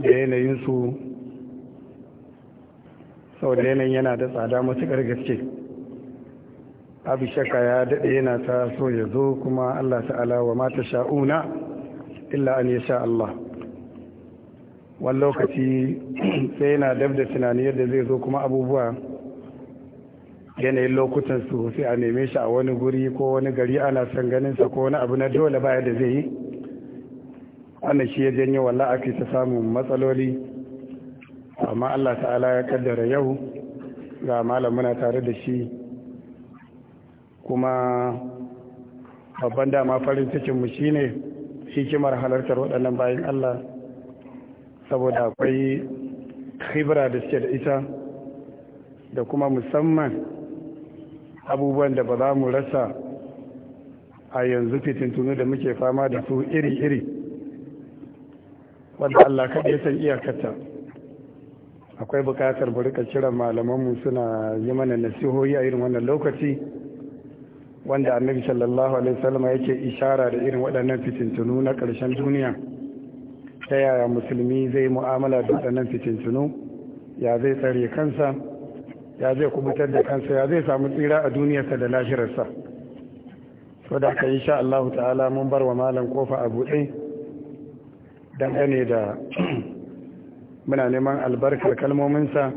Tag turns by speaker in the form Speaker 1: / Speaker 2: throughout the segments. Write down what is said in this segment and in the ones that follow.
Speaker 1: da yanayinsu saboda yanayin yana da tsada matuƙar gaske abu shaka ya daɗe yana ta so ya zo kuma allah ta'ala wa mata sha'una illa an ya sha allah wani lokaci sai yana dab da tunani yadda zai zo kuma abubuwa yanayin lokutan su sai a neme shi a wani guri ko wani gari ana son ganinsa ko wani abu na dole baya da zai yi wannan shi ya janyo wallah ake ta samun matsaloli amma Allah ta'ala ya kaddara yau ga malam muna tare da shi kuma babban dama farin cikin mu shine hikimar halartar waɗannan bayan Allah saboda akwai khibra da suke da ita da kuma musamman abubuwan da ba za mu rasa a yanzu fitintunu da muke fama da su iri-iri wanda Allah kaɗai ya san iyakarta akwai buƙatar mu rika malaman malamanmu suna yi mana nasihohi a irin wannan lokaci wanda annabi sallallahu alaihi wasallam yake ishara da irin waɗannan fitintunu na ƙarshen duniya ta yaya musulmi zai mu'amala da waɗannan fitintunu ya zai tsare kansa ya zai kubutar da kansa ya zai samu tsira a duniyarsa da lahirarsa so da aka sha Allah ta'ala mun bar wa malam kofa a buɗe ne da muna neman albarkar kalmominsa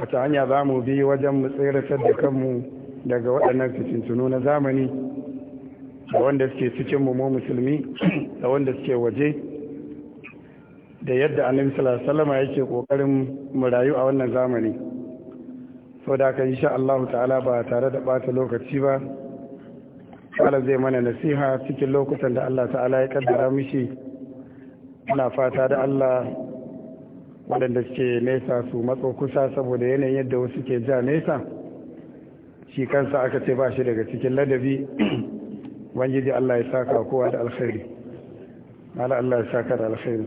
Speaker 1: wata hanya za mu bi wajen mu da kanmu daga waɗannan fitintunu na zamani da wanda suke cikin mu musulmi da wanda suke waje da yadda annabi sallallahu alaihi yake kokarin mu rayu a wannan zamani saboda kan insha Allah ta'ala ba tare da bata lokaci ba malam zai mana nasiha cikin lokutan da Allah ta'ala ya kaddara mishi ana fata da Allah waɗanda suke nesa su matso kusa saboda yanayin yadda wasu ke ja nesa shi kansa aka ce ba shi daga cikin ladabi ubangiji Allah ya saka kowa da alkhairi mala Allah ya saka da alkhairi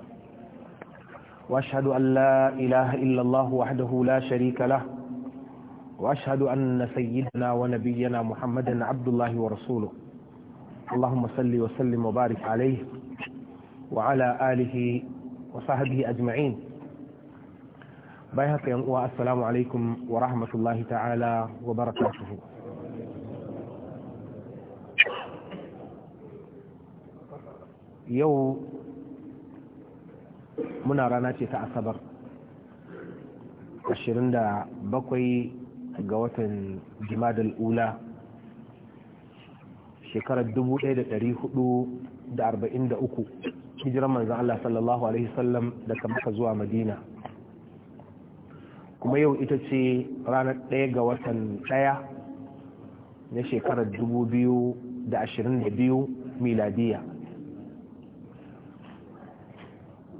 Speaker 2: وأشهد أن لا إله إلا الله وحده لا شريك له وأشهد أن سيدنا ونبينا محمدا عبد الله ورسوله اللهم صل وسلم وبارك عليه وعلى آله وصحبه أجمعين بايهك ينقوى السلام عليكم ورحمة الله تعالى وبركاته يوم muna rana ce ta asabar 27 ga watan jimadal ula shekarar 1443 hijiran manzan Allah sallallahu Alaihi sallam daga maka zuwa madina kuma yau ita ce ranar 1 ga watan 1 na shekarar 2022 miladiya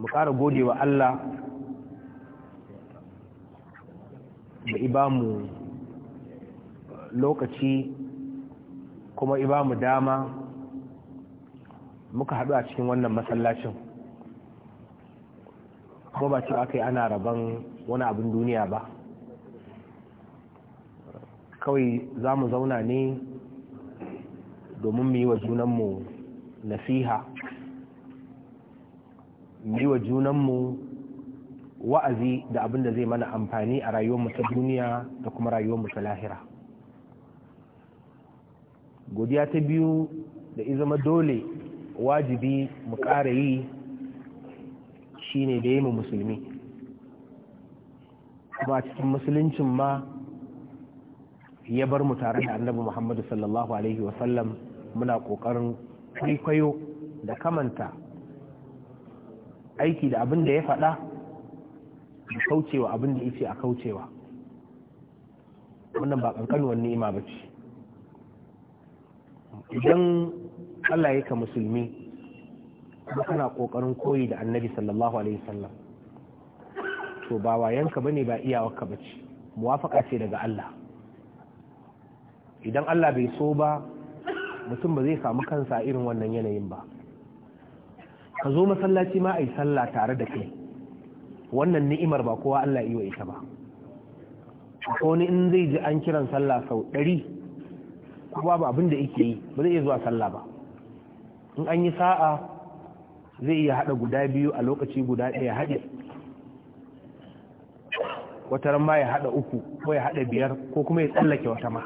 Speaker 2: mu ƙara gode wa Allah da ibamu lokaci kuma ibamu dama muka haɗu a cikin wannan masallacin kuma ba ce aka yi ana rabon wani abin duniya ba kawai za mu zauna ne domin mu yi wa junanmu nasiha yi wa junanmu wa'azi da abin da zai mana amfani a rayuwarmu ta duniya da kuma rayuwarmu ta lahira godiya ta biyu da izama dole wajibi mu ƙara yi shine da yi musulmi kuma cikin musuluncin ma ya bar mu tare da annabi muhammadu sallallahu alaihi wasallam muna ƙoƙarin kwaikwayo da kamanta aiki da abin da ya faɗa da kaucewa abin da ita a kaucewa wannan ba ƙanƙanuwar ni'ima ba ce idan Allah ya ka musulmi kuma kana ƙoƙarin koyi da annabi sallallahu alaihi wasallam to ba wayanka bane ba iyawarka ba ce muwafaka ce daga Allah idan Allah bai so ba mutum ba zai samu kansa irin wannan yanayin ba ka zo masallaci ma a yi sallah tare da kai wannan ni'imar ba kowa Allah yi wa ita ba Ko ni in zai ji an kiran sallah sau ɗari kuma ba abin da yake yi ba zai iya zuwa sallah ba in an yi sa'a zai iya haɗa guda biyu a lokaci guda ɗaya haɗe wata ran ya haɗa uku ko ya haɗa biyar ko kuma ya tsallake wata ma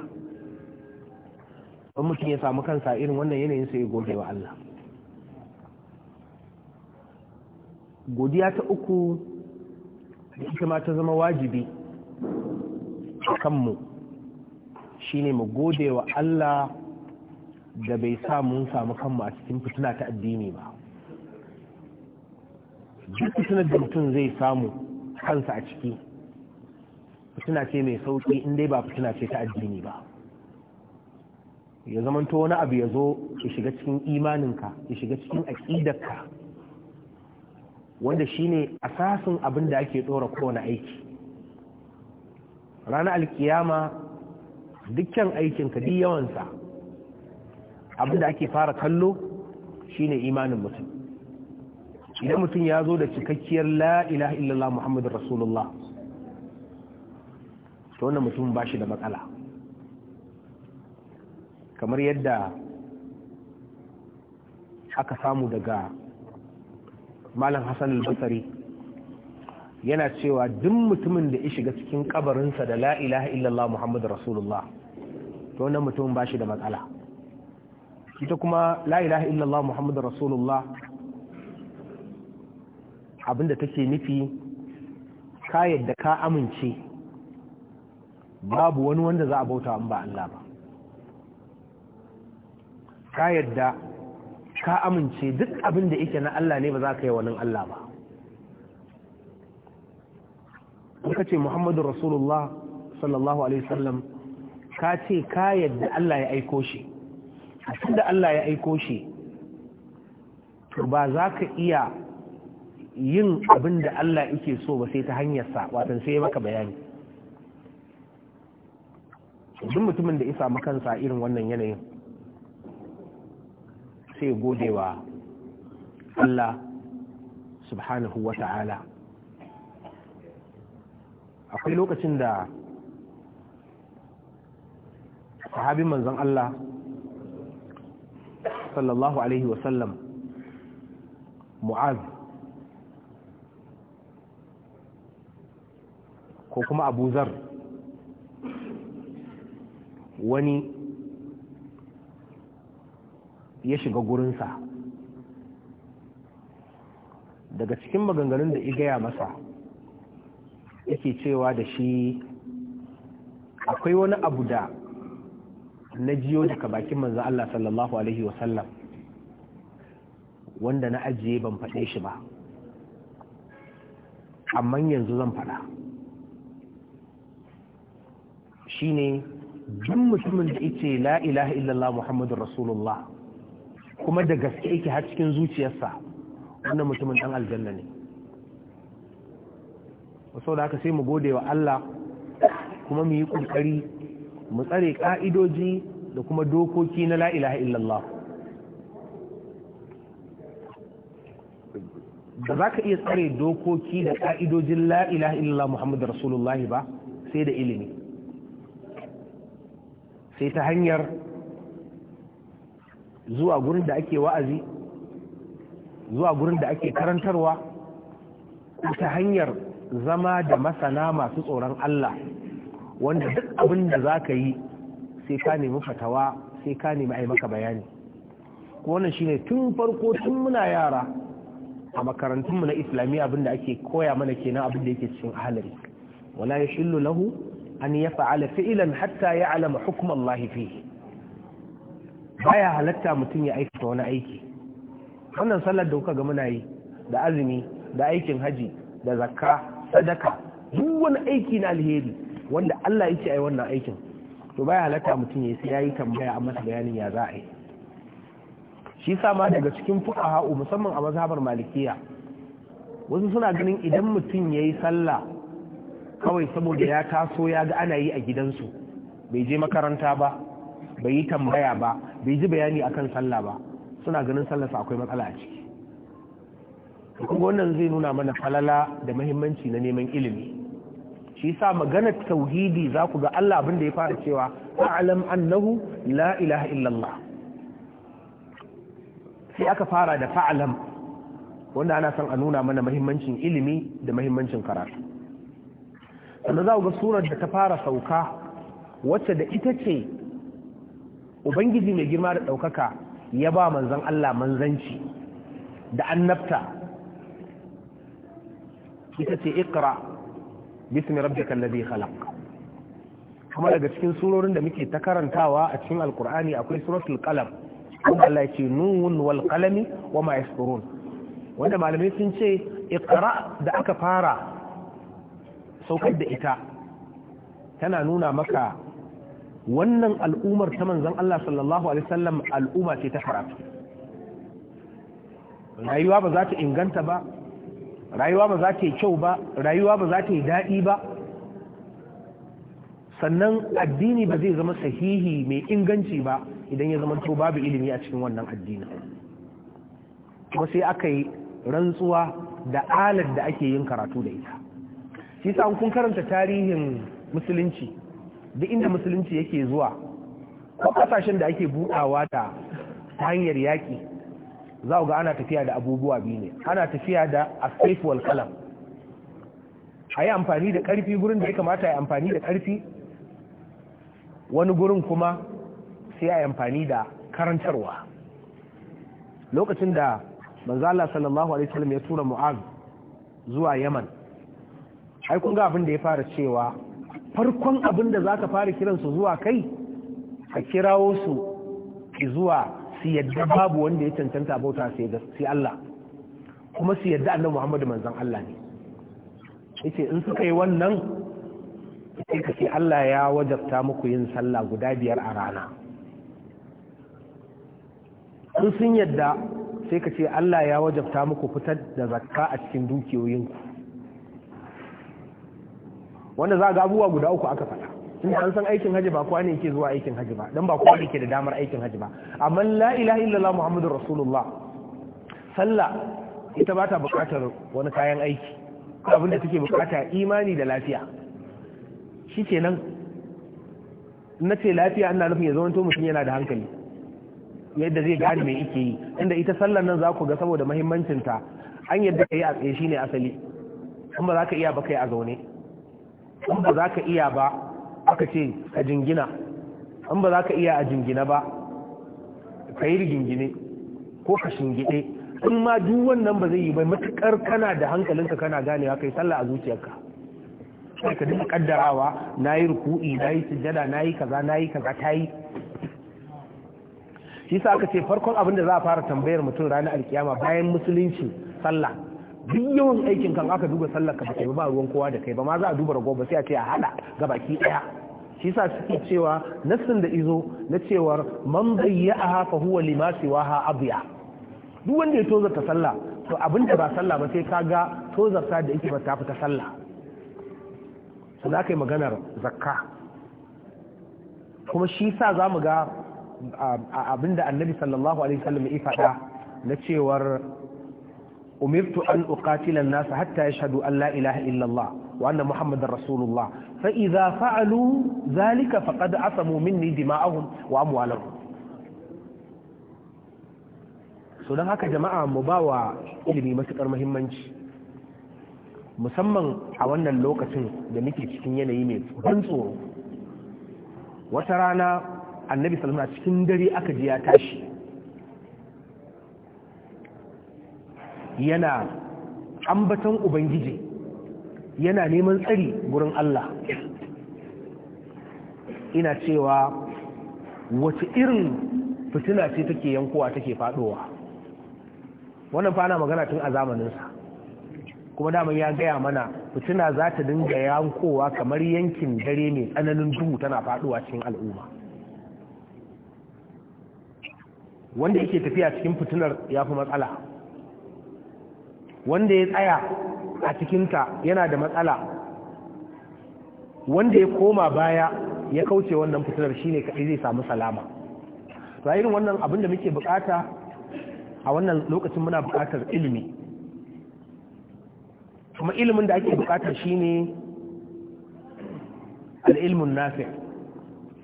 Speaker 2: in mutum ya samu kansa irin wannan yanayin sai ya goge wa Allah godiya ta uku da ita ma ta zama wajibi a kanmu shi ne mu gode wa Allah da bai sa mun samu kanmu a cikin fituna ta addini ba duk fitunar da mutum zai samu kansa a ciki fituna ce mai sauƙi inda ba fituna ce ta addini ba ya zamanto wani abu ya zo ya shiga cikin imaninka ya shiga cikin aƙidarka wanda shine asasin abin da ake ɗora kowane aiki ranar alkiyama dukkan aikin duk yawansa abin da ake fara kallo shine imanin mutum idan mutum ya zo da cikakkiyar la'ilaha illallah muhammadu rasulullah Ta wannan mutum ba shi da matsala kamar yadda aka samu daga malam hassan al-basari yana cewa duk mutumin da ya shiga cikin kabarinsa da la ilaha illallah muhammadu rasulullah to wannan mutum ba shi da matsala ita kuma la ilaha illallah muhammadu rasulullah abinda take nufi ka yadda ka amince babu wani wanda za a bauta ba Allah ba ka yadda ka amince duk abin da yake na Allah ne ba za ka yi wani Allah ba ka ce Muhammadu Rasulullah sallallahu alaihi wasallam ka ce ka yadda Allah ya aiko shi a da Allah ya aiko shi ba za ka iya yin abin da Allah yake so ba sai ta hanyarsa watan sai maka bayani duk mutumin da isa makansa irin wannan yanayin sai godewa Allah subhanahu wa ta'ala akwai lokacin da sahabin manzon Allah sallallahu alaihi wasallam mu'az ko kuma abuzar wani ya shiga gurinsa daga cikin maganganun da igaya masa yake cewa da shi akwai wani abu da na jiyo daga bakin manzan Allah sallallahu alaihi wasallam wanda na ajiye ban faɗe shi ba amma yanzu zan faɗa ne duk mutumin da ce la ilaha illallah muhammadu rasulullah kuma da gaske yake har cikin zuciyarsa wannan mutumin dan aljanna ne Wasu da haka sai mu gode wa Allah kuma mu yi ƙoƙari mu tsare ƙa'idoji da kuma dokoki na la'ilaha illallah da za ka iya tsare dokoki da ƙa'idojin la'ilaha illallah muhammadu rasulullahi ba sai da ilimi sai ta hanyar zuwa gurin da ake wa'azi zuwa gurin da ake karantarwa ta hanyar zama da masana masu tsoron Allah wanda duk abin da za ka yi sai ka nemi fatawa sai ka nemi ai maka bayani wannan shine tun farko tun muna yara a makarantunmu na islamiyya abin da ake koya mana kenan abin da yake cikin ahalari wala ya yashillu lahu an fa'ala fi'lan hatta ya alama Allah fihi baya halatta mutum ya aikata wani aiki wannan sallar da kuka ga muna yi da azumi da aikin haji da zakka sadaka duk wani aiki na alheri wanda Allah ya ce ai wannan aikin to baya halatta mutum ya sai yayi tambaya a masa bayanin ya za a yi shi sa ma daga cikin fuqaha musamman a mazhabar malikiya wasu suna ganin idan mutum yayi sallah kawai saboda ya taso ya ga ana yi a gidansu bai je makaranta ba bai yi tambaya ba bai ji bayani akan sallah ba suna ganin sallarsa akwai matsala a ciki kuma wannan zai nuna mana falala da mahimmanci na neman ilimi shi sa maganar tauhidi za ku ga Allah abin da ya fara cewa a'lam annahu la ilaha illallah sai aka fara da fa'alam wanda ana son a nuna mana mahimmancin ilimi da mahimmancin karatu sannan za ku ga surar da ta fara sauka wacce da ita ce ubangiji mai girma da ɗaukaka ya ba manzan Allah manzanci da annabta ita ce ikra bismi kalla zai khalaq kuma daga cikin surorin da muke ta karantawa a cikin alkur'ani akwai suratul qalam kuma Allah ya ce nun wal qalami wa ma yasturun wanda malamai sun ce ikra da aka fara saukar da ita tana nuna maka wannan al'ummar ta manzan Allah sallallahu alaihi wasallam al'umma ce ta karatu rayuwa ba za ta inganta ba rayuwa ba za ta yi kyau ba rayuwa ba za ta yi daɗi ba sannan addini ba zai zama sahihi mai inganci ba idan ya zama to babu ilimi a cikin wannan addini kuma sai aka yi rantsuwa da alar da ake yin karatu da ita shi sa kun karanta tarihin musulunci duk inda musulunci yake zuwa ko kasashen da ake buɗawa ta hanyar yaƙi za ga ana tafiya da abubuwa biyu ne ana tafiya da asaifuwal kalam a yi amfani da ƙarfi gurin da ya kamata ya amfani da ƙarfi wani gurin kuma sai a yi amfani da karantarwa lokacin da manzala sallallahu alaihi wasallam ya tura mu'az zuwa yaman ai kun ga abin da ya fara cewa farkon abin da za ka fara kiransu zuwa kai ka kirawo su zuwa su yadda babu wanda ya cancanta bauta sai Allah kuma su yadda annan Muhammadu manzan Allah ne ce in suka yi wannan sai ka ce Allah ya wajabta muku yin sallah guda biyar a rana in sun yadda sai ka ce Allah ya wajabta muku fitar da zakka a cikin dukiyoyinku wanda za ga abubuwa guda uku aka faɗa in an san aikin haji ba kowa ne yake zuwa aikin haji ba dan ba kowa ne ke da damar aikin haji ba amma la ilaha illallah muhammadur rasulullah sallah ita ba ta buƙatar wani kayan aiki abin da take bukata imani da lafiya shi nan na ce lafiya ana nufin ya to mutum yana da hankali yadda zai gane mai ike yi inda ita sallar nan za ku ga saboda mahimmancinta an yadda ka yi a tsaye shi ne asali kuma za ka iya ba kai a zaune in ba za ka iya ba aka ce a jingina in ba za ka iya a jingina ba ka yi rigingine ko ka shingide in ma duk wannan ba zai yi bai matukar kana da hankalinka kana gane ganewa kai sallah a zuciyarka sai ka dinga kaddarawa na yi ruku'i na yi sujada na yi kaza na yi kaza ta yi shi sa aka ce farkon abin da za a fara tambayar mutum ranar alkiyama bayan musulunci sallah duk yawan aikin kan aka duba sallar ka ba ba ruwan kowa da kai ba ma za a duba rago ba sai a ce a hada ga baki daya shi sa suke cewa nassin da izo na cewar man bayya'aha fa huwa lima ha abiya duk wanda ya tozarta sallah to abin da ba sallah ba sai ka ga tozarta da yake ba ta fita sallah su za ka maganar zakka kuma shi sa za mu ga abin da annabi sallallahu alaihi wasallam ya faɗa na cewar umirtu an uqatila an-nas hatta yashhadu an la ilaha illa Allah wa anna Muhammadar Rasulullah fa idza fa'alu dhalika faqad asamu minni dima'ahum wa amwalahum so don haka jama'a mu ba wa ilimi matuƙar muhimmanci musamman a wannan lokacin da muke cikin yanayi mai ban tsoro wata rana annabi salma cikin dare aka ji ya tashi yana ambaton ubangiji yana neman tsari gurin Allah ina cewa wace irin fitina ce take yankowa take faɗowa? wannan fana magana tun a zamaninsa kuma daman ya gaya mana fitina za ta dinga yankowa kamar yankin dare mai tsananin duhu tana faduwa cikin al'umma wanda yake tafiya cikin fitinar ya fi matsala wanda ya tsaya a cikinta yana da matsala wanda ya koma baya ya kauce wannan fitilar shine kaɗai zai samu salama to irin wannan abin da muke bukata a wannan lokacin muna bukatar ilimi kuma ilimin da ake bukata shine al'ilmun nafi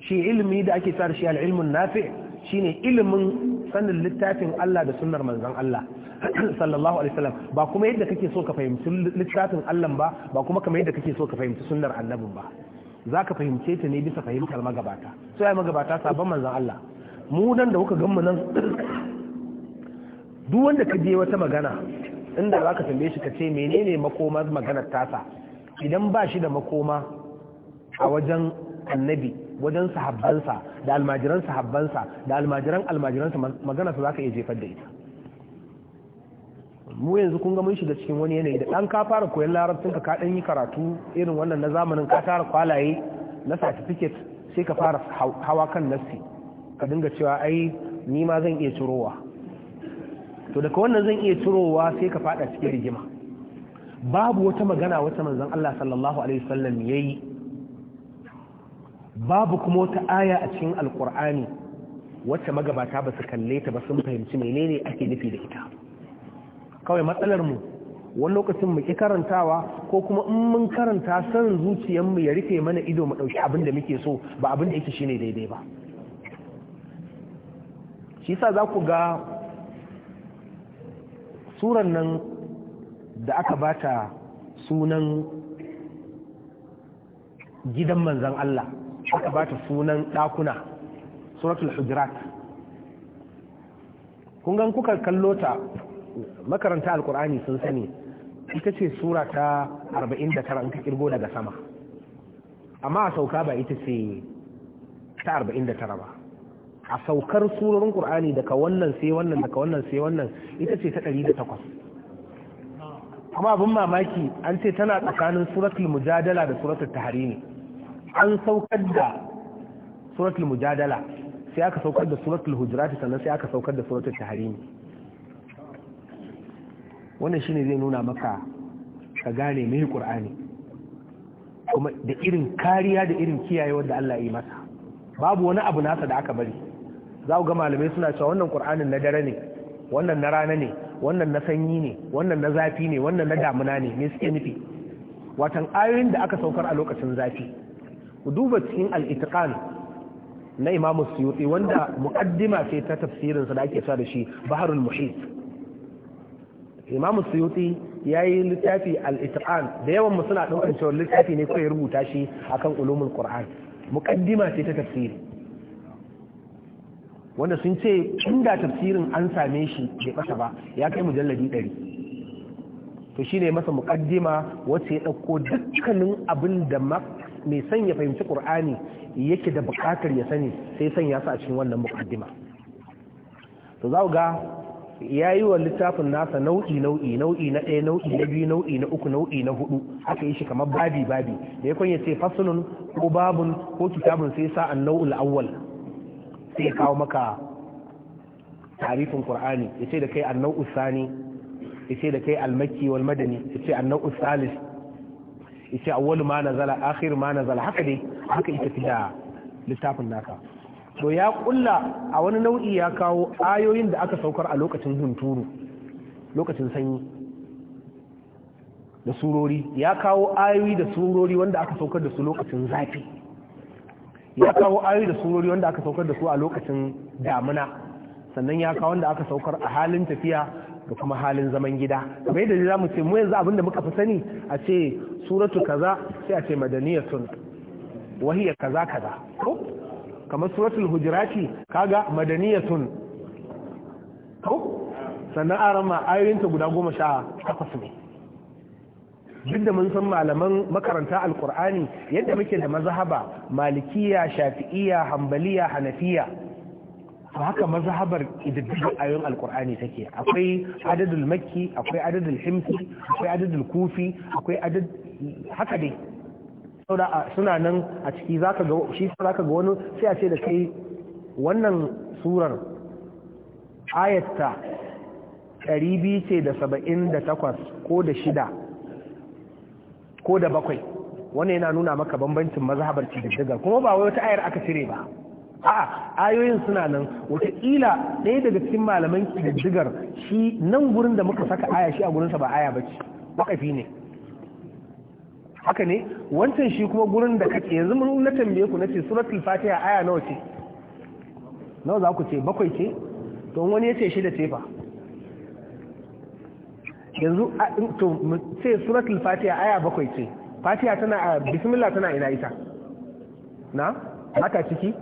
Speaker 2: shi ilimi da ake tsara shi al'ilmun nafi shine ilimin sanin littafin Allah da sunnar manzon Allah sallallahu alaihi wasallam ba kuma yadda kake so ka fahimci littafin Allah ba ba kuma kamar yadda kake so ka fahimci sunnar annabin ba za ka fahimce ta ne bisa fahimtar magabata so ya magabata sabon manzan Allah mu nan da kuka gan mu nan duk wanda ka je wata magana inda za ka tambaye shi ka ce menene makoma maganar tasa idan ba shi da makoma a wajen annabi wajen sahabbansa da almajiran sahabbansa da almajiran almajiransa magana za ka iya jefar da ita mu yanzu kun ga mun shiga cikin wani yanayi da ɗan ka fara koyon larabcin ka ɗan yi karatu irin wannan na zamanin ka tara kwalaye na certificate sai ka fara hawa kan nassi ka dinga cewa ai ni ma zan iya cirowa to daga wannan zan iya cirowa sai ka fada cikin rigima babu wata magana wata manzon Allah sallallahu alaihi wasallam yayi babu kuma wata aya a cikin alkur'ani wacce magabata ba su kalle ta ba sun fahimci menene ake nufi da ita kawai matsalar mu wani lokacin mu ki karantawa ko kuma in mun karanta sanin zuciyar mu ya rufe mana ido mu ɗauki abin da muke so ba abin da yake shine daidai ba shi yasa za ku ga suran nan da aka bata sunan gidan manzan Allah aka bata sunan ɗakuna suratul hujurat kun gan kuka kallo ta makaranta alkur'ani sun sani ita ce sura ta 49 in ka kirgo daga sama amma a sauka ba ita ce ta 49 ba a saukar surorin qur'ani daga wannan sai wannan daga wannan sai wannan ita ce ta 108 kuma abin mamaki an ce tana tsakanin suratul mujadala da suratul ne an saukar da suratul mujadala sai aka saukar da suratul hujurat sannan sai aka saukar da suratul ne wannan ne zai nuna maka ka gane mai ƙur'ani kuma da irin kariya da irin kiyayewar da Allah ya yi masa babu wani abu nasa da aka bari za ku ga malamai suna cewa wannan ƙur'anin na dare ne wannan na rana ne wannan na sanyi ne wannan na zafi ne wannan na damuna ne me suke nufi watan ayoyin da aka saukar a lokacin zafi ku duba cikin al na Imam Suyuti wanda muqaddima sai ta tafsirin sa da ake sa da shi Baharul Muhit imam suyuti ya yi littafi al da yawan masu suna ɗaukar cewar littafi ne kawai rubuta shi a kan ulumin Kur'ani. Muƙaddima ce ta tafsiri wanda sun ce inda tafsirin an same shi bai kasa ba ya kai mu jallabi ɗari to shine masa muƙaddima wacce ya ɗauko dukkanin abin da mai son ya fahimci Kur'ani yake da buƙatar ya sani sai sanya su a cikin wannan muƙaddima. to za ya yi wa littafin nasa nau'i nau'i nau'i na ɗaya nau'i na biyu nau'i na uku nau'i na hudu aka yi shi kamar babi babi da ya kwanye ce fasulun ko babun ko kitabun sai sa an nau'ul awwal sai ya kawo maka tarifin qur'ani ya ce da kai an nau'u sani ya ce da kai almakki wal madani ya ce an nau'u salis ya ce awwalu ma nazala akhir ma nazala haka dai haka ita fi da littafin naka to ya kulla a wani nau'i ya kawo ayoyin da aka saukar a lokacin hunturu lokacin sanyi da surori ya kawo ayoyi da surori wanda aka saukar da su lokacin zafi ya kawo ayoyi da surori wanda aka saukar da su a lokacin damina sannan ya kawo wanda aka saukar a halin tafiya da kuma halin zaman gida kamar yadda za mu ce mu yanzu abinda muka fi sani a ce suratu kaza sai a ce madaniyatun wahiya kaza kaza ko kamar suratul hujurati kaga madaniyatun ko sannan arama ayoyinta guda goma sha takwas ne duk da mun san malaman makaranta alkur'ani yadda muke da mazhaba malikiya shafi'iya hambaliya hanafiya to haka mazhabar ididdigar ayoyin alkur'ani take akwai adadul makki akwai adadul himsi akwai adadul kufi akwai adad haka dai suna nan a ciki zaka ga shi zaka ga wani sai a ce da kai wannan surar ayatta biyu ce da takwas ko da shida ko da bakwai wannan yana nuna maka bambancin mazhabar cididdiga kuma ba wai wata ayar aka cire ba a ayoyin suna nan wataƙila ɗaya daga cikin malaman kididdigar shi nan gurin da muka saka aya shi a gurinsa ba aya ba ce wakafi ne haka ne wancan shi kuma gurin da kake yanzu mun na tambaye ku nace suratul fatiha aya nawa ce nawa za ku ce bakwai ce to wani ya ce shi da tefa yanzu to ce suratul fatiha aya bakwai ce fatiha tana bismillah tana ina ita na haka ciki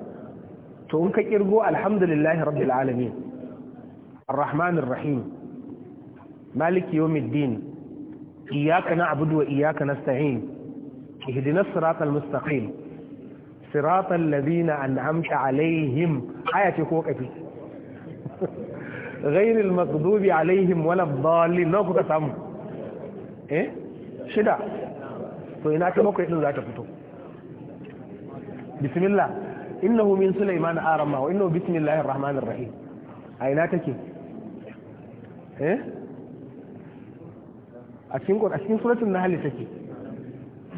Speaker 2: to in ka kirgo alhamdulillahi rabbil alamin arrahmanir rahim maliki yawmiddin إياك نعبد وإياك نستعين اهدنا الصراط المستقيم صراط الذين أنعمت Aya ce كوكا في غير المغضوب عليهم wala الضالين نو kuka samu eh shida to ina ta bakwai din za ta fito bismillah innahu min sulaiman arama wa innahu bismillahir rahmanir rahim a ina take eh a cikin a cikin na halitta take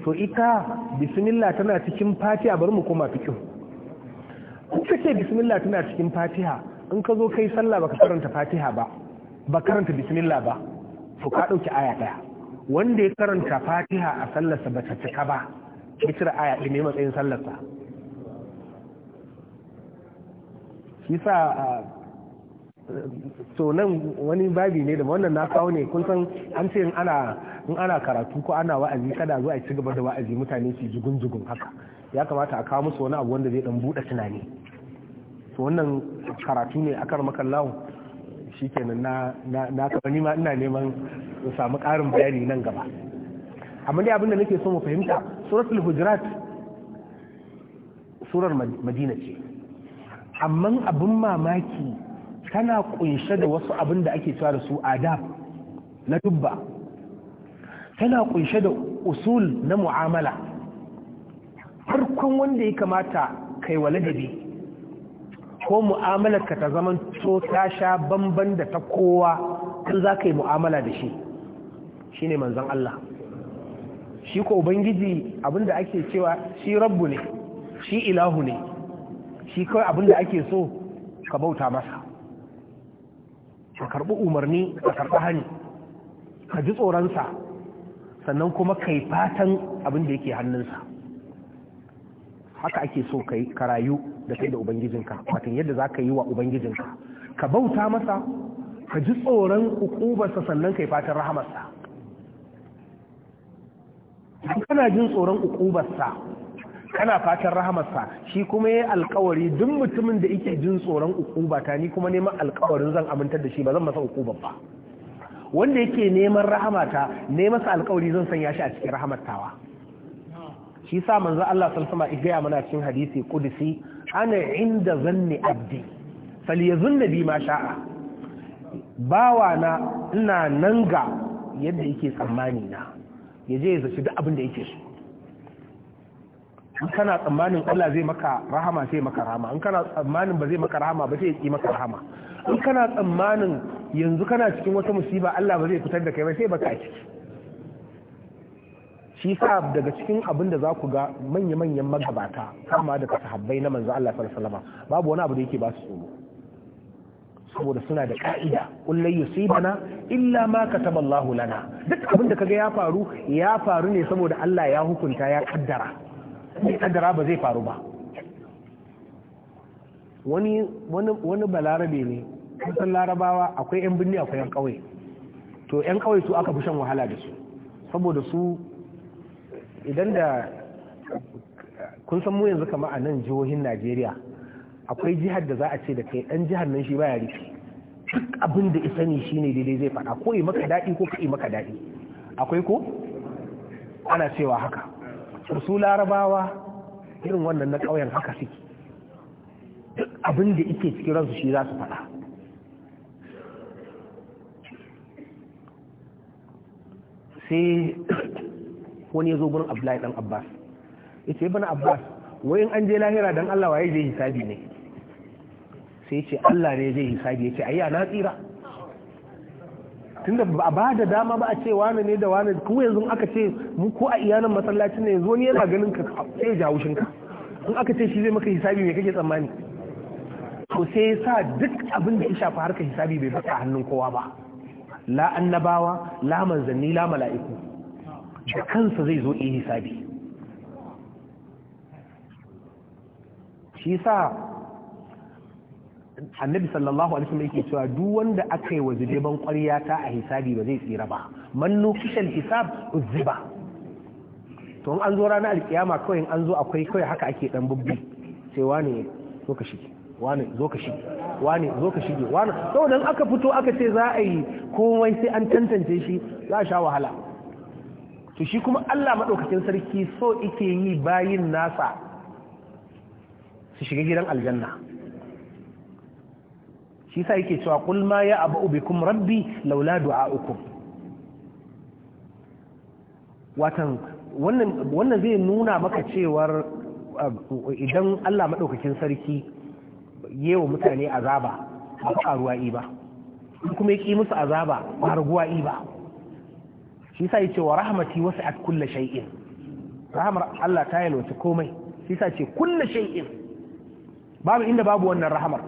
Speaker 2: to ita bismillah tana cikin fatiha bari mu koma fikin in ka ce bismillah tana cikin fatiha in ka zo kai sallah baka karanta fatiha ba ba karanta bismillah ba to ka dauki aya daya wanda ya karanta fatiha a sallarsa ba ta cika ba bitir aya ɗaya, mai matsayin sallarsa shi sa ah, to nan wani babi ne da wannan na kawo ne kun san an ce in ana karatu ko ana wa'azi kada zuwa a ci gaba da wa'azi mutane su jugun jugun haka ya kamata a kawo musu wani abu wanda zai dan buɗe tunani to wannan karatu ne akan makallahu shikenan na na ni ma ina neman su samu karin bayani nan gaba amma dai abin da nake so mu fahimta suratul hujurat surar madina ce amma abin mamaki tana kunshe da wasu abin da ake cewa da su adab na dubba tana kunshe da usul na mu'amala farkon wanda ya kamata kai wa ladabi ko mu'amalar ka ta zaman to ta sha bamban da ta kowa kan za ka yi mu'amala da shi shi ne manzan Allah shi ko ubangiji abinda ake cewa shi rabbu ne shi ilahu ne shi kawai abin da ake so ka bauta masa ka karɓi umarni ka karɓi hani ka ji tsoronsa sannan kuma kai fatan abin da yake hannunsa haka ake so ka ka rayu da kai da ubangijinka watan yadda za ka yi wa ubangijinka ka bauta masa ka ji tsoron ukubarsa sannan kai fatan rahamarsa kana jin tsoron ukubarsa kana fatan rahamarsa shi kuma ya alkawari duk mutumin da yake jin tsoron ukuba ta ni kuma neman alkawarin zan amintar da shi ba zan masa ukuba ba wanda yake neman rahamata ne masa alkawari zan sanya shi a cikin rahamatawa shi sa manzo Allah sallallahu alaihi wasallam ya mana cikin hadisi qudsi ana inda zanni abdi falyazunna bi ma sha'a bawa na ina nan ga yadda yake tsammani na yaje ya zaci duk abin da yake so in kana tsammanin Allah zai maka rahama sai maka rahama in kana tsammanin ba zai maka rahama ba sai ya maka rahama in kana tsammanin yanzu kana cikin wata musiba Allah ba zai fitar da kai ba sai baka ciki shi sa daga cikin abin da za ku ga manya-manyan magabata kama daga sahabbai na manzo Allah sallallahu alaihi wasallam babu wani abu da yake ba su tsoro saboda suna da ka'ida kullai yusibana illa ma kataballahu lana duk abin da kaga ya faru ya faru ne saboda Allah ya hukunta ya kaddara ya kadara ba zai faru ba wani wani balarabe ne kusan larabawa akwai yan birni akwai yan kauye to yan kauye su aka fi shan wahala da su saboda su idan da kun san mu yanzu kama a nan jihohin najeriya akwai jihar da za a ce da kai ɗan jihar nan shi baya rufe duk abin da isa ne shi ne daidai zai faɗa ko yi maka daɗi ko ka maka daɗi akwai ko ana cewa haka su larabawa irin wannan na ƙauyen haka suke duk abin da ike cikin ransu shi za su faɗa sai wani ya zo gurin abdullahi ɗan abbas ya ce bana abbas wayin an je lahira dan allah je zai hisabi ne sai ce allah ne zai hisabi ya ce ayi na tsira tunda ba ba da dama ba a ce wane ne da wane ko yanzu aka ce mu ko a iyanan masallaci ne yanzu wani yana ganin ka sai ja haushin ka in aka ce shi zai maka hisabi me kake tsammani to sai ya sa duk abin da ya shafi harkar hisabi bai baka hannun kowa ba la annabawa la manzanni la mala'iku da kansa zai zo yi hisabi shi sa annabi sallallahu alaihi wasallam yake cewa duk wanda aka yi wa zubeban ƙwarya ta a hisabi ba zai tsira ba man nukishal hisab uzziba to an zo ranar alkiyama kawai in an zo akwai kawai haka ake dan bubbi sai wane zo ka shige wane zo ka shige wane zo ka shige wane saboda in aka fito aka ce za a yi komai sai an tantance shi za a sha wahala to shi kuma Allah madaukakin sarki so yake yi bayin nasa su shiga gidan aljanna shi sa yake cewa kul ma ya abu bikum rabbi laula du'a'ukum watan wannan wannan zai nuna maka cewar eh, idan Allah madaukakin sarki yewa mutane azaba ba karuwa ba kuma yake musu azaba ba yi ba shi sa yace wa rahmati wasi'at kulli shay'in rahmar Allah ta yalwace komai shi sa ce kulli shay'in babu inda babu wannan rahmar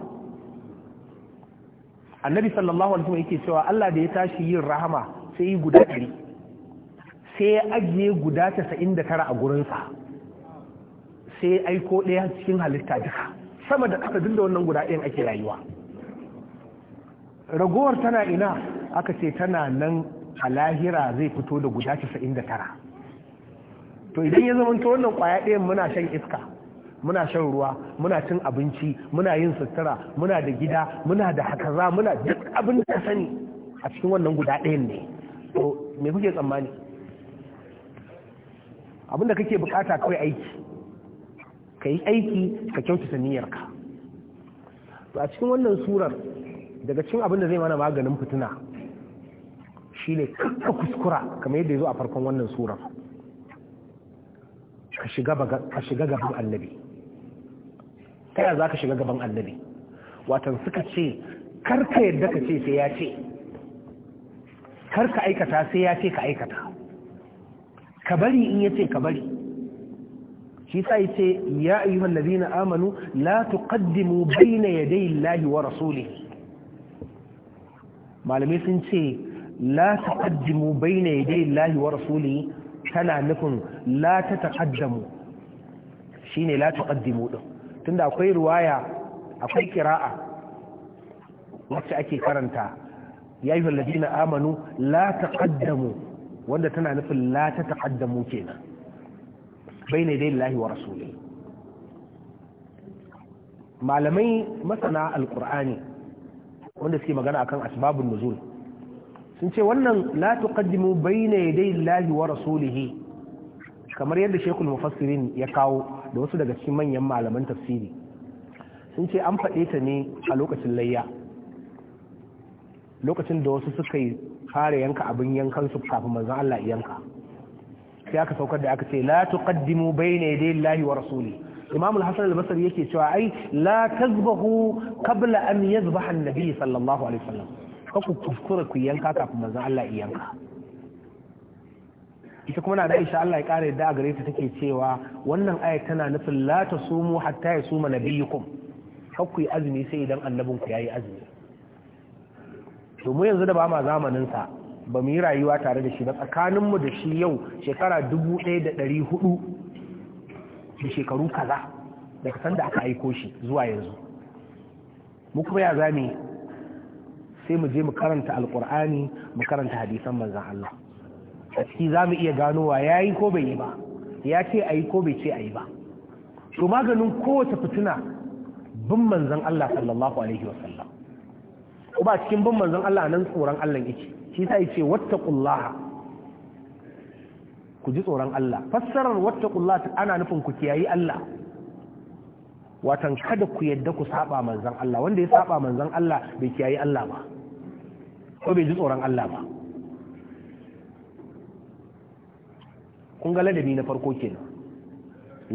Speaker 2: annabi sallallahu alaihi wasallam yake cewa Allah da ya tashi yin rahama sai yi guda ɗari sai ya ajiye guda casa'in da tara a gurinsa sai ya aiko ɗaya cikin halitta duka sama da ƙasa duk da wannan guda ɗayan ake rayuwa ragowar tana ina aka ce tana nan a lahira zai fito da guda casa'in da tara to idan ya zama wannan ƙwaya ɗayan muna shan iska muna shan ruwa muna cin abinci muna yin sutura muna da gida muna da hakaza muna duk abin da sani a cikin wannan guda ɗayan ne to me kuke tsammani abin da kake bukata kawai aiki ka yi aiki ka kyautata niyyarka to a cikin wannan surar daga cikin abin da zai mana maganin shi shine kakka kuskura kamar yadda ya zo a farkon wannan surar ka shiga gaban annabi ta yaya za ka shiga gaban annabi watan suka ce karka yadda ka ce sai ya ce karka aikata sai ya ce ka aikata ka bari in ya ce ka bari shi sa ya ce ya ayyuhan ladina amanu la tuqaddimu bayna yaday Allahi wa rasulihi malamai sun ce la tuqaddimu bayna yaday Allahi wa rasulihi tana nufin la ta Shi shine la tuqaddimu ɗin. tunda akwai ruwaya akwai kira'a wacce ake karanta ya yi ladina amanu la taqaddamu wanda tana nufin la ta taqaddamu kenan bayna dai wa rasuli malamai masana alqur'ani wanda suke magana akan asbabun nuzul sun ce wannan la tuqaddimu bayna yaday Allahi wa rasulihi kamar yadda Sheikhul Mufassirin ya kawo da wasu daga cikin manyan malaman tafsiri sun ce an faɗe ta ne a lokacin layya lokacin da wasu suka yi fara yanka abin yankan su kafin manzon Allah yanka sai aka saukar da aka ce la tuqaddimu bayna yaday Allahi wa rasuli Imam al-Hasan al-Basri yake cewa ai la tazbahu qabla an yazbaha an-nabi sallallahu alaihi wasallam ku kuskura ku yanka kafin manzon Allah yanka ita kuma na insha Allah ya kare yadda a gare ta take cewa wannan ayat tana nufin la sumu hatta ya suma nabiyukum kar ku yi azumi sai idan annabin ku yayi azumi to mu yanzu da ba ma zamanin sa ba mu yi rayuwa tare da shi ba tsakanin mu da shi yau shekara 1400 da shekaru kaza daga sanda aka aiko shi zuwa yanzu mu kuma ya zame sai mu je mu karanta alkur'ani mu karanta hadisan manzon Allah a ciki za mu iya ganowa ya yi ko bai yi ba ya ce a yi ko bai ce a yi ba to maganin kowace fituna bin manzan Allah sallallahu alaihi wasallam ba cikin bin manzan Allah nan tsoron Allah yake shi ta yace wattaqullaha ku ji tsoron Allah fassarar wattaqullaha ana nufin ku kiyayi Allah watan kada ku yadda ku saba manzan Allah wanda ya saba manzan Allah bai kiyayi Allah ba ko bai ji tsoron Allah ba kun ga ladabi na farko kenan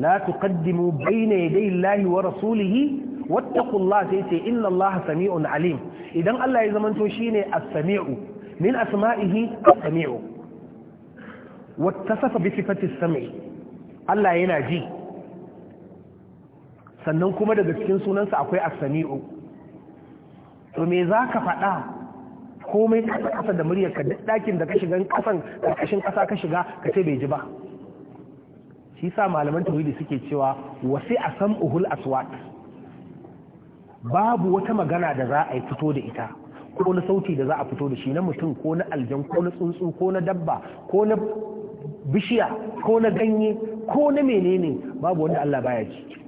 Speaker 2: la tuqaddimu bayna yaday Allahi wa rasulihi wattaqullaha sai ce inna Allaha sami'un alim idan Allah ya zamanto shine as-sami'u min asma'ihi as-sami'u wattasafa bi sifati as-sam'i Allah yana ji sannan kuma daga cikin sunansa akwai as-sami'u to me zaka faɗa komai kasa kasa da muryar ka duk dakin da ka shiga kasan karkashin kasa ka shiga ka ce bai ji ba shi sa malaman tauhidi suke cewa wasi a san uhul aswat babu wata magana da za a yi fito da ita ko na sauti da za a fito da shi na mutum ko na aljan ko na tsuntsu ko na dabba ko na bishiya ko na ganye ko na menene babu wanda Allah baya ji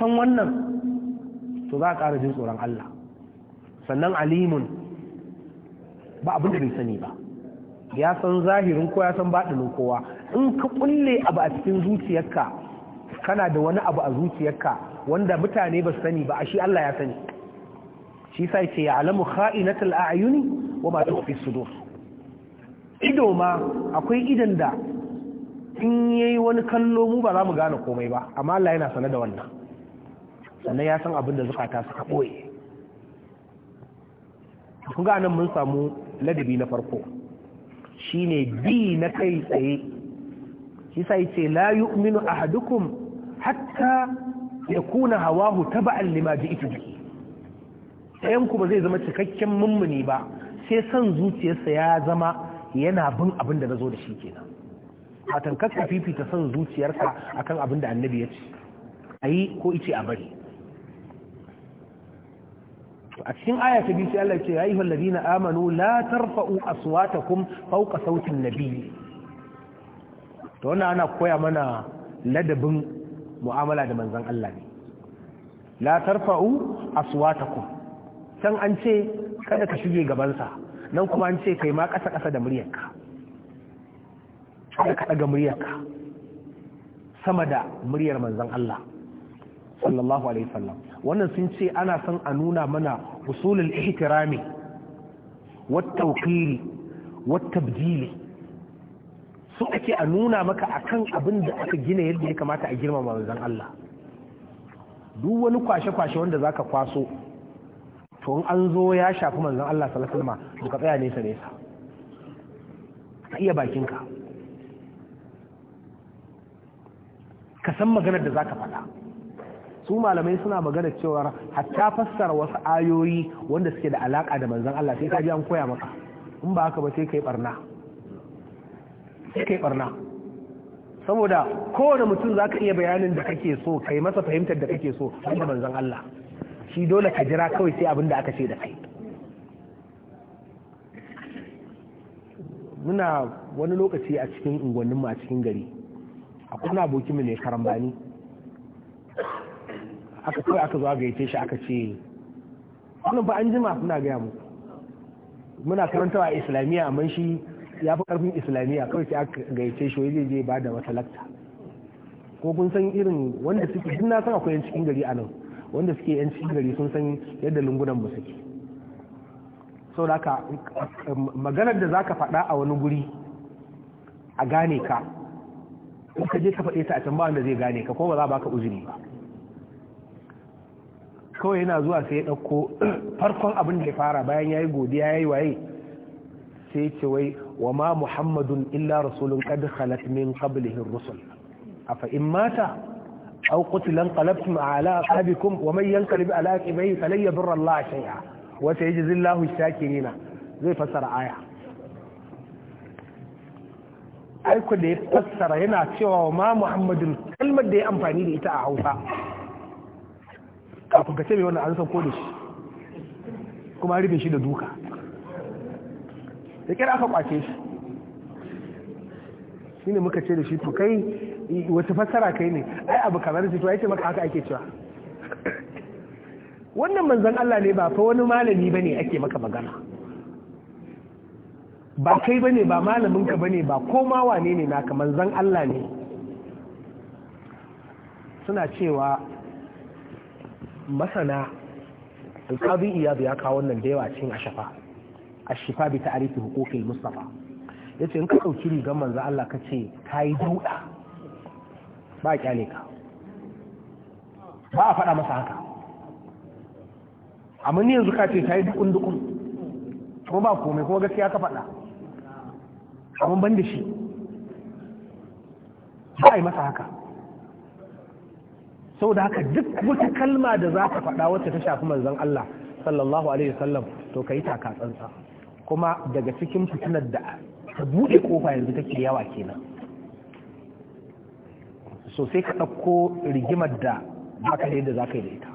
Speaker 2: san wannan to za a ƙara jin tsoron Allah sannan alimun ba abin da bai sani ba ya san zahirin ko ya san baɗinin kowa in ka kulle abu a cikin zuciyarka kana da wani abu a zuciyarka wanda mutane ba su sani ba a shi Allah ya sani shi sai ce ya alamu kha'inatul a'yuni wa ma tukhfi sudur ido ma akwai idan da in yayi wani kallo mu ba za mu gane komai ba amma Allah yana sanar da wannan sannan ya san abin da zukata suka boye kun ga nan mun samu ladabi na farko shine bi na kai tsaye yasa yace la yu'minu ahadukum hatta yakuna hawahu tab'an lima ji'tu bi ɗayan ku ba zai zama cikakken mummuni ba sai san zuciyarsa ya zama yana bin abin da nazo da shi kenan fatan kakka fifita son zuciyarka akan abin da annabi ya ce ayi ko ice a bari a cikin aya ta biyu sai Allah ya ce ayyuhallazina amanu la tarfa'u aswatakum fawqa sautin nabiyyi to wannan ana koya mana ladabin mu'amala da manzan Allah ne la tarfa'u aswatakum san an ce kada ka shige gabansa nan kuma an ce kai ma kasa-kasa da muryarka kada ka ɗaga muryarka sama da muryar manzan Allah sallallahu alaihi wasallam wannan sun ce ana son a nuna mana usulul ihtirami wat tawqiri wat tabdili Su ake a nuna maka akan abin da aka gina yadda ya kamata a girmama manzon Allah duk wani kwashe-kwashe wanda zaka kwaso to in an zo ya shafi manzon Allah sallallahu alaihi ka tsaya nesa nesa ka iya bakinka ka san maganar da zaka faɗa su malamai suna magana cewa hatta fassara wasu ayoyi wanda suke da alaka da manzon Allah sai ka ji an koya maka in ba haka ba sai ka yi barna sai kai barna saboda kowane mutum za ka iya bayanin da kake so kai masa fahimtar da kake so wanda manzon Allah shi dole ka jira kawai sai abin da aka ce da kai muna wani lokaci a cikin unguwanninmu a cikin gari akwai na abokinmu ne karambani aka kawai aka zo a gaice shi aka ce wannan ba an jima suna gaya mu muna karantawa a islamiyya amma shi ya fi karfin islamiyya kawai sai aka gaice shi zai je ba da wata lakta ko kun san irin wanda suke duk na san akwai yan cikin gari a nan wanda suke yan cikin gari sun san yadda lungunan mu suke sau da ka maganar da zaka faɗa a wani guri a gane ka in ka je ka faɗe ta a can ba wanda zai gane ka ko ba za ba ka uzuri ba kawai yana zuwa sai ya ɗauko farkon abin da ya fara bayan ya yi godiya ya yi waye sai ce wai wa ma muhammadun illa rasulun qad khalat min qablihi ar-rusul afa in mata aw qutila qalabtum ala aqabikum wa man yanqalib ala aqibihi falan yadurra Allah shay'a wa sayajzi Allahu ash-shakirin zai fassara aya aiko da ya fassara yana cewa ma muhammadun kalmar da ya amfani da ita a Hausa kafin ka ce mai wannan an san ko da kuma rubin shi da duka da kira aka kwace shi shi ne muka ce da shi to kai wata fassara kai ne ai abu kamar shi to ya ce maka haka ake cewa wannan manzan Allah ne ba fa wani malami ne ake maka magana ba kai ne ba malamin ka ne ba koma wane ne naka manzan Allah ne suna cewa masana alƙadi iya ya kawo wannan da yawa cin a shafa ashifa bi ta'arifi huquqil mustafa yace in ka dauki rigar manzo Allah ka ce ka yi dauɗa, ba kyale ka ba a faɗa masa haka amma ni yanzu ka ce kai dukun dukun ko ba komai kuma gaskiya ka faɗa amma ban da shi ba a yi masa haka sau da haka duk wata kalma da za ka faɗa wacce ta shafi manzon Allah sallallahu alaihi wasallam to ka yi taka tsantsa kuma daga cikin fitinar da ta buɗe kofa yanzu take yawa kenan so sai ka ɗauko rigimar da baka da za ka yi da ita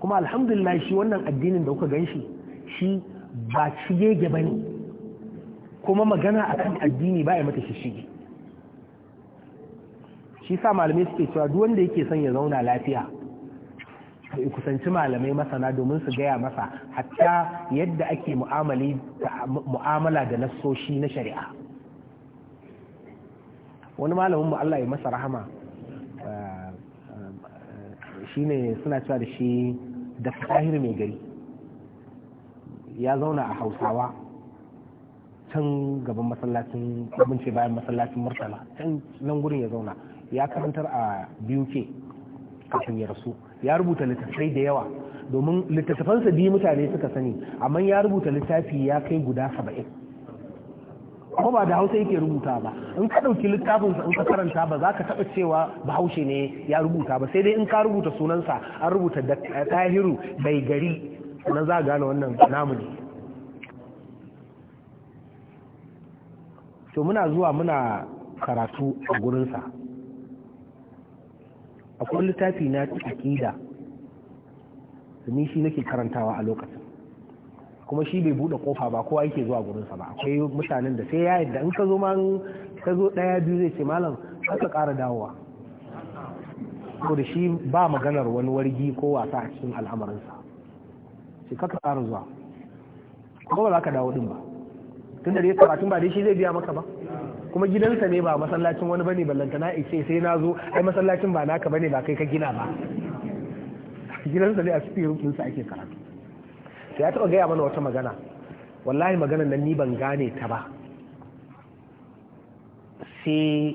Speaker 2: kuma alhamdulillah shi wannan addinin da kuka gan shi shi ba shige ba ne kuma magana a kan addini ba ya mata shige shi sa malamai suke cewa duk wanda yake son ya zauna lafiya kusanci malamai masana domin su gaya masa hatta yadda ake mu'amala da nassoshi na shari'a wani malamin mu Allah ya masa rahama eh, eh, ne suna cewa da shi da tahir mai gari ya zauna a hausawa can gaban masallacin abinci bayan masallacin murtala can nan gurin ya zauna ya karantar a biyu ke kafin ya rasu ya rubuta littattafai da yawa domin littattafansa biyu mutane suka sani amma ya rubuta littafi ya kai guda saba'in ko ba da hausa yake rubuta ba in ka ɗauki littafinsa in ka karanta ba za ka taɓa cewa bahaushe ne ya rubuta ba sai dai in ka rubuta sunansa an rubuta da eh, tahiru bai gari na za gane wannan namu ne to muna zuwa muna karatu a gurinsa akwai littafi na aƙida domin shi nake karantawa a lokacin kuma shi bai buɗe kofa ba kowa yake zuwa gurinsa ba akwai mutanen da sai ya da in ka zo ma ka zo ɗaya biyu zai ce malam ka ƙara dawowa ko da shi ba maganar wani wargi ko wasa a cikin al'amarinsa sai ka ƙara zuwa ko ba za ka dawo din ba tun da dai karatun ba dai shi zai biya maka ba kuma gidansa ne ba masallacin wani bane ballanta na ice sai na zo ai masallacin ba naka bane ba kai ka gina ba gidansa ne a cikin sa ake karatu sai ya taba gaya mana wata magana wallahi maganar nan ni ban gane ta ba sai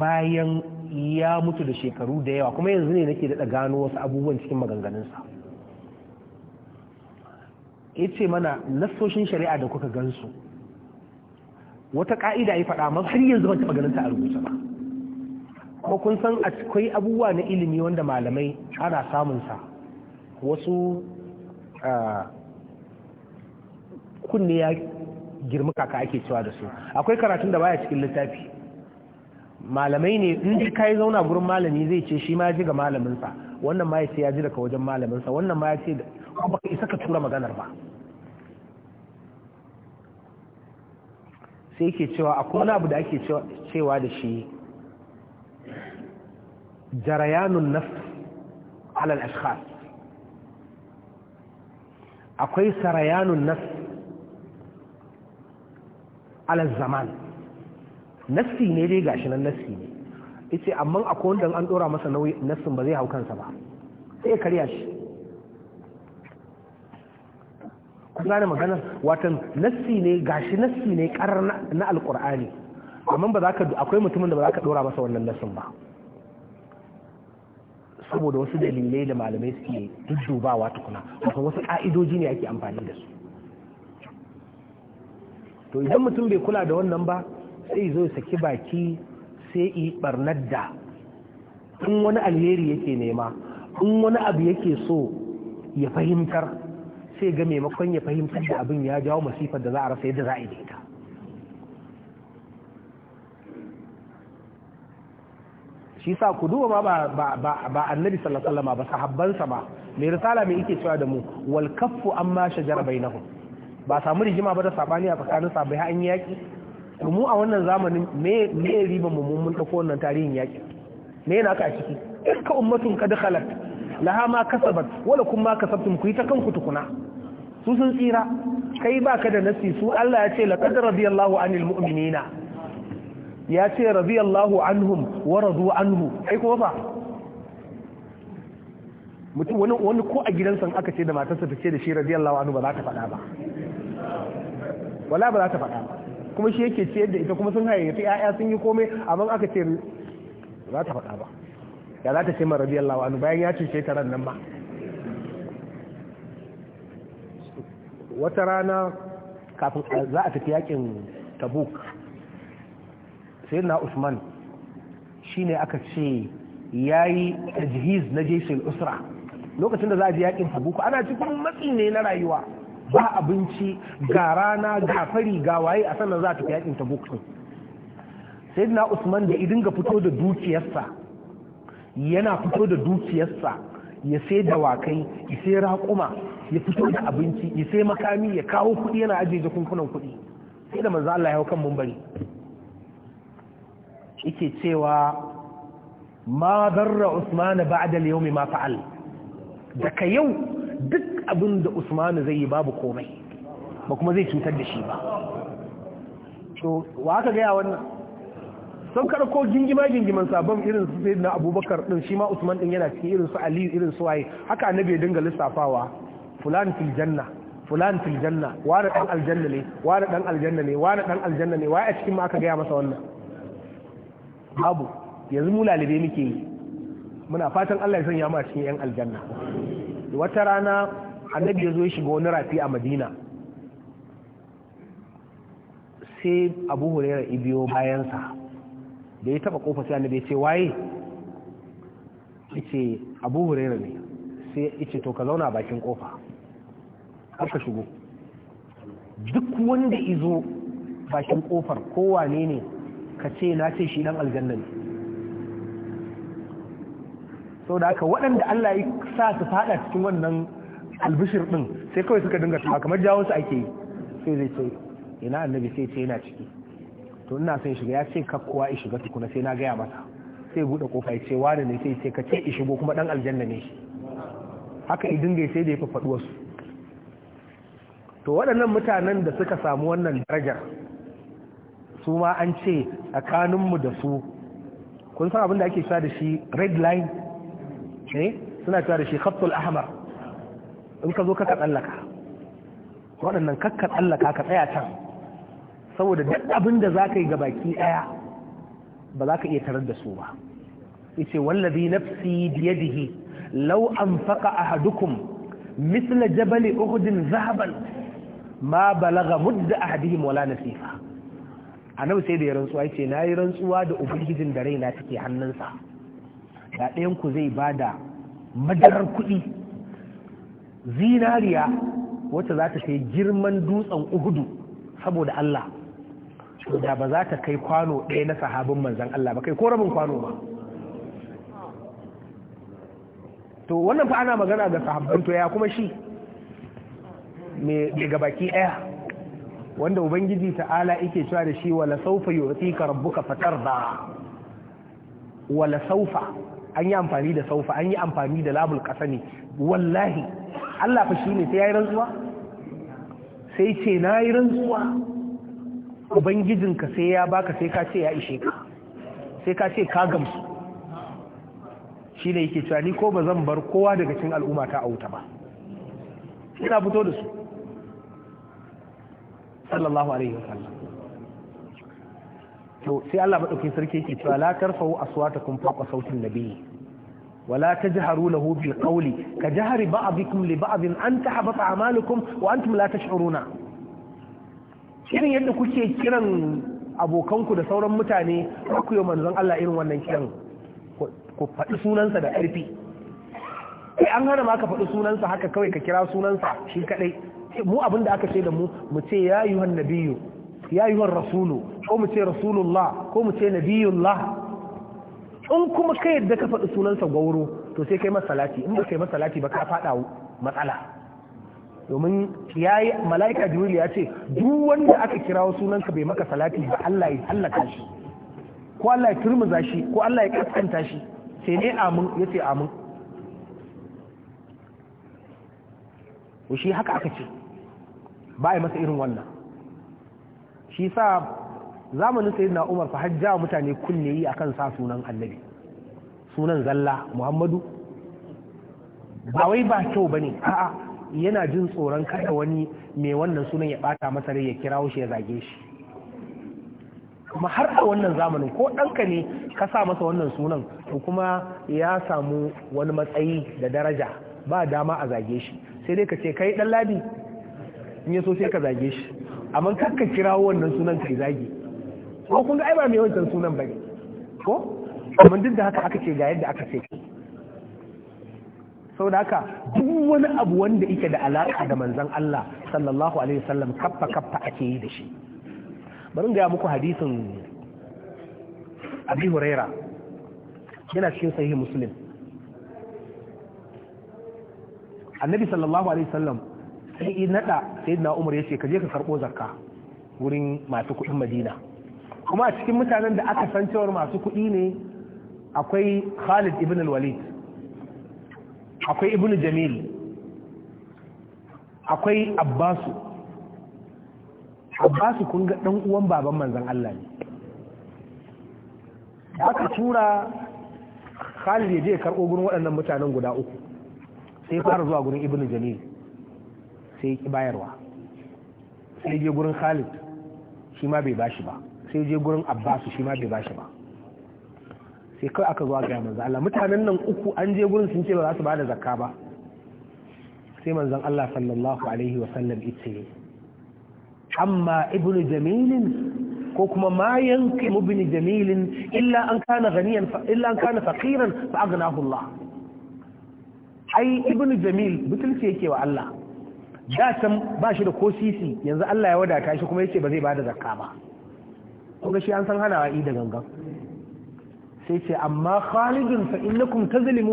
Speaker 2: bayan ya mutu da shekaru da yawa kuma yanzu ne nake daɗa gano wasu abubuwan cikin maganganunsa ya ce mana nassoshin shari'a da kuka gansu wata ka'ida ya faɗa ma har yanzu wata taɓa ta a rubuce ba ko kun san akwai abubuwa na ilimi wanda malamai ana samun sa wasu kunne ya girma kaka ake cewa da su akwai karatun da baya cikin littafi malamai ne in ka yi zauna gurin malami zai ce shi ma ji ga malaminsa wannan ma ya ce ya ji daga wajen malaminsa wannan ma ya ce ba ka isa ka tura maganar ba sai yake cewa akwai wani abu da ake cewa da shi jarayanun nafs alal ashkar akwai sarayanun nafs alal zaman nafsi ne dai gashi nan nafsi ne yace amma akwai wanda an dora masa nauyi nafsin ba zai hau kansa ba sai ya karya shi gane magana watan nassi ne gashi nassi ne karar na alkur'ani amma ba za ka akwai mutumin da ba za ka dora masa wannan nassin ba saboda wasu dalilai da malamai suke duddubawa tukuna wato wasu ka'idoji ne ake amfani da su to idan mutum bai kula da wannan ba sai zo saki baki sai yi barnar da in wani alheri yake nema in wani abu yake so ya fahimtar sai ga maimakon ya fahimtar da abin ya jawo masifar da za a rasa yadda za a yi da ita shi sa ku duba ma ba annabi sallallahu alaihi ba sahabbansa ba mai risala mai yake cewa da mu wal kaffu amma shajara bainahum ba samu rijima ba da sabani a tsakanin sabai an yaki mu a wannan zamanin me me riba mu mun dauko wannan tarihin yaki me yana ka a ciki ka ummatun kad khalat laha ma kasabat wala kun ma kasabtum ku yi ta kanku tukuna su sun tsira kai baka da nasi su Allah ya ce laqad radiyallahu anil mu'minina ya ce radiyallahu anhum wa radu anhu kai kuma ba mutum wani wani ko a gidansa aka ce da matarsa ta ce da shi radiyallahu anhu ba za ta faɗa ba wala ba za ta faɗa ba kuma shi yake ciyar yadda ita kuma sun hayayyafi 'ya'ya sun yi komai amma aka ce ba za ta faɗa ba da za ta ce mara biyar lawanu bayan ya cuce ta ran nan ma wata rana kafin za a tafi yakin tabuk sai na usman shi ne aka ce ya yi tajhiz na jeshin usra lokacin da za a ji yakin tabuk ana cikin matsi ne na rayuwa ba abinci ga rana ga fari ga waye a sannan za a tafi yakin tabuk sai na usman da idin ga fito da dukiyarsa yana fito da dukiyarsa ya sai dawakai ya sai raƙuma ya fito da abinci ya sai makami ya kawo kuɗi yana ajiye jakunkunan kuɗi sai da maza Allah ya hau mumbari yake cewa ma darra Usman ba'da al-yawm ma fa'al daga yau duk abin da Usman zai yi babu komai ba kuma zai cutar da shi ba to wa aka ga wannan sun karko gingima gingiman sabon irin su sai na abubakar din shi ma usman din yana cikin irin su ali irin su waye haka annabi bai dinga lissafawa fulan fil janna fulan fil janna wani dan aljanna ne wani dan aljanna ne wani dan aljanna ne waye a cikin ma aka gaya masa wannan babu yanzu mu lalibe muke yi muna fatan Allah ya sanya mu a cikin yan aljanna wata rana annabi ya zo ya shiga wani rafi a madina sai abu hurairar ibiyo bayansa da ya taba kofa sai annabi ya ce waye ice Abu Hurairah ne sai ice to ka zauna bakin kofa har ka shigo duk wanda izo bakin kofar kowane ne ka ce na ce shi dan aljanna ne sau da haka waɗanda Allah ya sa su fada cikin wannan albishir din sai kawai suka dinga tuma kamar jawo su ake yi sai zai ce ina annabi sai ce yana ciki to ina son shiga ya ce kakkuwa ya shiga tukuna sai na gaya masa sai bude kofa ya ce wani ne sai ce ka ce ya shigo kuma dan aljanna ne shi haka idin dinga sai da ya faɗuwa su. to waɗannan mutanen da suka samu wannan darajar su ma an ce tsakaninmu da su kun san abin da ake cewa da shi red line ne eh, suna cewa da shi khattul ahmar in ka zo ka tsallaka waɗannan kakka tsallaka ka tsaya can saboda duk abin da za ka yi baki ɗaya ba za ka iya tarar da su ba yace wallazi nafsi biyadihi faka a hadukun. mithla jabal Uhudin, zahaban ma balaga mudda ahadihim wala nasifa annabi sai da ya rantsuwa yace nayi rantsuwa da ubangijin da raina take hannunsa da ɗayan zai zai bada madarar kuɗi zinariya wacce za ta kai girman dutsen uhudu saboda Allah to da ba za ta kai kwano ɗaya na sahabin manzan Allah ba kai ko rabin kwano ba to wannan fa ana magana ga sahabban to ya kuma shi mai baki ɗaya wanda ubangiji ta'ala yake cewa da shi wala saufa yu'tika rabbuka fatarda wala saufa an yi amfani da saufa an yi amfani da labul qasami wallahi Allah fa shine sai yayi rantsuwa sai ce na yi rantsuwa ubangijinka sai ya baka sai ka ce ya ishe ka sai ka ce ka gamsu shi ne yake cewa ni ko ba zan bar kowa daga cikin al'umma ta auta ba ina fito da su sallallahu alaihi wasallam to sai Allah madaukakin sarki yake cewa la tarfa'u aswatakum fawqa sautin nabiyyi qawli Ka jahri ba'dikum li ba'd an tahbata a'malukum wa antum la tash'uruna irin yadda kuke kiran abokanku da sauran mutane ku yi manzon Allah irin wannan kiran ku faɗi sunansa da ƙarfi sai an hana ma ka faɗi sunansa haka kawai ka kira sunansa shi kaɗai mu abin da aka ce da mu mu ce ya yi wan nabiyu ya yi wan rasulu ko mu ce rasulullah ko mu ce nabiyullah in kuma ka yadda ka faɗi sunansa gwauro to sai kai masalati in ba kai masalati ba ka faɗa matsala domin ya yi malaika jibril ya ce duk wanda aka kirawo sunanka bai maka salati ba Allah ya hallaka shi ko Allah ya turmuza shi ko Allah ya kaskanta shi sai ne amin ce amin ko shi haka aka ce ba a yi masa irin wannan shi sa zamanin sayi na umar fahajja mutane kunne yi akan sa sunan annabi sunan zalla muhammadu ba wai ba kyau ba ne a'a yana jin tsoron kada wani mai wannan sunan ya bata masa rai ya kira shi ya zage shi kuma har a wannan zamanin ko ɗanka ne ka sa masa wannan sunan to kuma ya samu wani matsayi da daraja ba dama a zage shi sai dai ka ce kai ɗan labi in ya so sai ka zage shi amma kan ka kirawo wannan sunan kai zage ko kun ga ai ba mai wancan sunan bane ko amma duk da haka aka ce ga yadda aka ce sau da haka duk wani abu wanda yake da alaƙa da manzon Allah sallallahu alaihi wasallam kaffa kaffa ake yi da shi bari ga muku hadisin Abi Huraira yana cikin sahihi Muslim Annabi sallallahu alaihi wasallam sai in nada sayyidina Umar yace ka je ka karbo zakka wurin masu kuɗin Madina kuma a cikin mutanen da aka san cewar masu kuɗi ne akwai Khalid ibn al-Walid akwai ibn Jamil akwai abbasu abbasu kun ga ɗan uwan baban manzan Allah ne aka tura Khalid ya je karɓo gurin waɗannan mutanen guda uku sai fara zuwa gurin Ibn Jamil sai ki bayarwa sai je gurin Khalid shi ma bai bashi ba sai je gurin Abbasu shi ma bai bashi ba sai kai aka zuwa ga manzo Allah mutanen nan uku an je gurin sun ce ba za su bada zakka ba sai manzan Allah sallallahu alaihi wa sallam ne amma ibnu jamilin ko kuma ma yanki ibnu jamilin illa an kana ganiyan illa an kana faqiran ai ibnu jamil butulci yake wa Allah da can ba shi da ko sisi yanzu Allah ya wadata shi kuma yace ba zai bada zakka ba kuma shi an san hana i da gangan sai ce amma khalidun fa innakum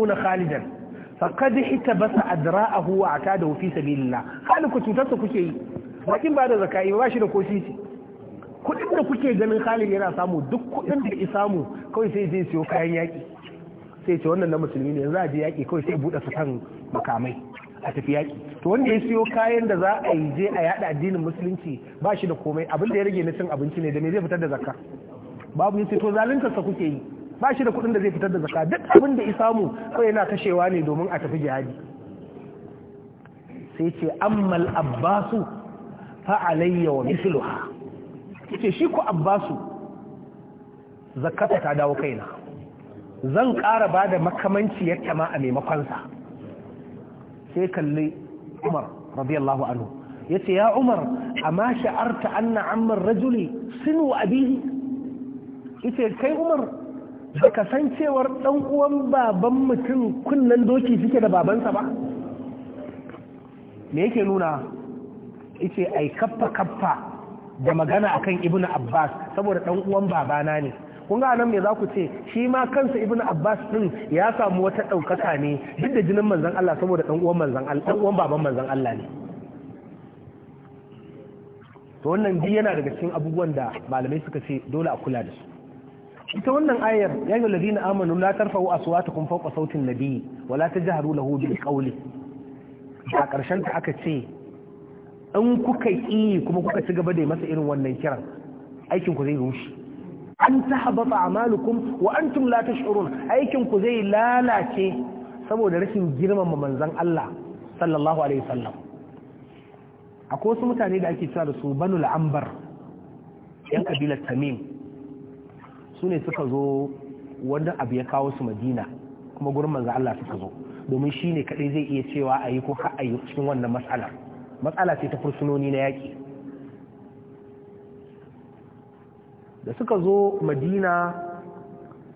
Speaker 2: na khalidan faqad hitabasa adra'ahu wa atadahu fi sabilillah haliku cutarsa kuke yi lakin ba da zakai ba shi da ko sisi kudin da kuke ganin halin yana samu duk kudin da ya samu kawai sai zai siyo kayan yaki sai ce wannan na musulmi ne yanzu a je yaki kawai sai buɗe su kan makamai a tafi yaki to wanda ya siyo kayan da za a yi je a yada addinin musulunci ba shi da komai abin da ya rage na cin abinci ne da me zai fitar da zakka babu yin to zalunta sa kuke yi ba shi da kuɗin da zai fitar da zaka duk abin da isamu ko yana kashewa ne domin a tafi jihadi sai ce ammal abbasu fa alayya wa mithluha yace shi ku abbasu zakata ta dawo kaina zan ƙara ba da makamanci yadda ma a maimakonsa sai kalli umar radiyallahu anhu ya ya umar amma sha'arta anna amman rajuli sinu abihi ita kai umar baka san cewar dan uwan baban mutum kunnan doki suke da babansa ba me yake nuna yace ai kaffa kaffa da magana akan ibnu abbas saboda dan uwan babana ne kun ga nan me za ku ce shi ma kansa ibnu abbas din ya samu wata daukaka ne duk da jinin manzon Allah saboda dan uwan manzon Allah dan uwan baban manzon Allah ne to wannan yana daga cikin abubuwan da malamai suka ce dole a kula da su ita wannan ayar ya yi ladina amanu la tarfa'u kuma fawqa sautin nabiyyi wa la tajharu lahu bil qawli a karshen ta aka ce in kuka yi kuma kuka ci gaba da masa irin wannan kiran aikin ku zai rushe an tahbata amalukum wa antum la tash'urun aikin ku zai lalace saboda rashin girmama manzon Allah sallallahu alaihi wasallam akwai wasu mutane da ake cewa da su banul ambar yan kabilar tamim su ne suka zo wani abu ya kawo su madina kuma gurin manzo Allah suka zo domin shi ne kaɗai zai iya cewa a yi ko har yi cikin wannan matsalar matsala ce ta fursunoni na yaƙi da suka zo madina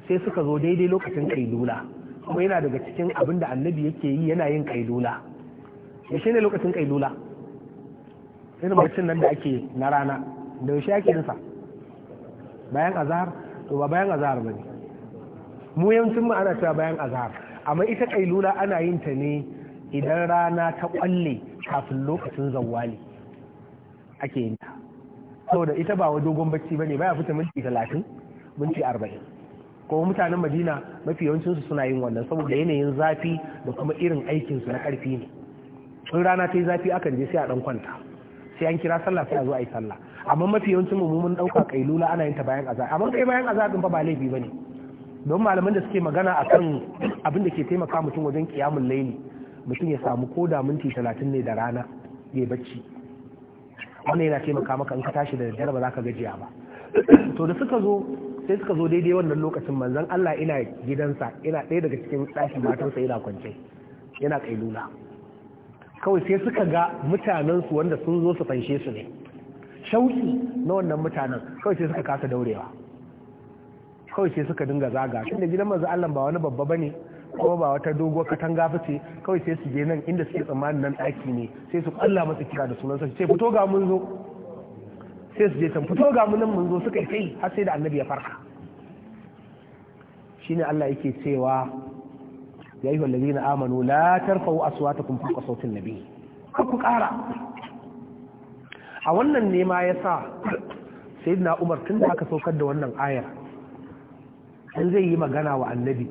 Speaker 2: sai suka zo daidai lokacin kailula kuma yana daga cikin abin da annabi yake yi yana yin kailula yaushe ne lokacin kailula irin bacin nan da ake na rana da yaushe ake nisa bayan azahar to ba bayan azhar ba ne mu yawancin mu ana cewa bayan azhar amma ita kailula ana yin ta ne idan rana ta kwalle kafin lokacin zawali ake yin ta saboda ita ba dogon bacci ne baya fita minti talatin minti arba'in ko mutanen madina mafi su suna yin wannan saboda yanayin zafi da kuma irin aikinsu na karfi ne in rana ta yi zafi akan je sai a ɗan kwanta sai an kira sallah sai a zo a yi sallah amma mafi yawancin mu mun dauka kailula ana yin ta bayan azabi amma kai bayan azabin fa ba laifi bane don malaman da suke magana akan abin da ke taimaka mutum wajen kiyamul laili mutum ya samu koda minti 30 ne da rana ya bacci wannan yana taimaka maka in ka tashi da daddare ba za ka gajiya ba to da suka zo sai suka zo daidai wannan lokacin manzon Allah ina gidansa ina ɗaya daga cikin ɗakin matarsa yana kwance yana kailula kawai sai suka ga mutanen su wanda sun zo su fanshe su ne shauki na wannan mutanen kawai sai suka kasa daurewa kawai sai suka dinga zaga tunda gidan manzo Allah ba wani babba bane kuma ba wata doguwar katanga ba kawai sai su je nan inda suke tsammanin nan ɗaki ne sai su Allah masa kira da sunansa sai fito ga mun zo sai su je can fito ga mun nan mun zo suka yi kai har sai da annabi ya farka shine Allah yake cewa ya ayyuhal ladina amanu la tarfa'u aswatakum fawqa sawtin nabiy ku kara. a wannan nema ya sa sai na umar tun da aka saukar da wannan ayar in zai yi magana wa annabi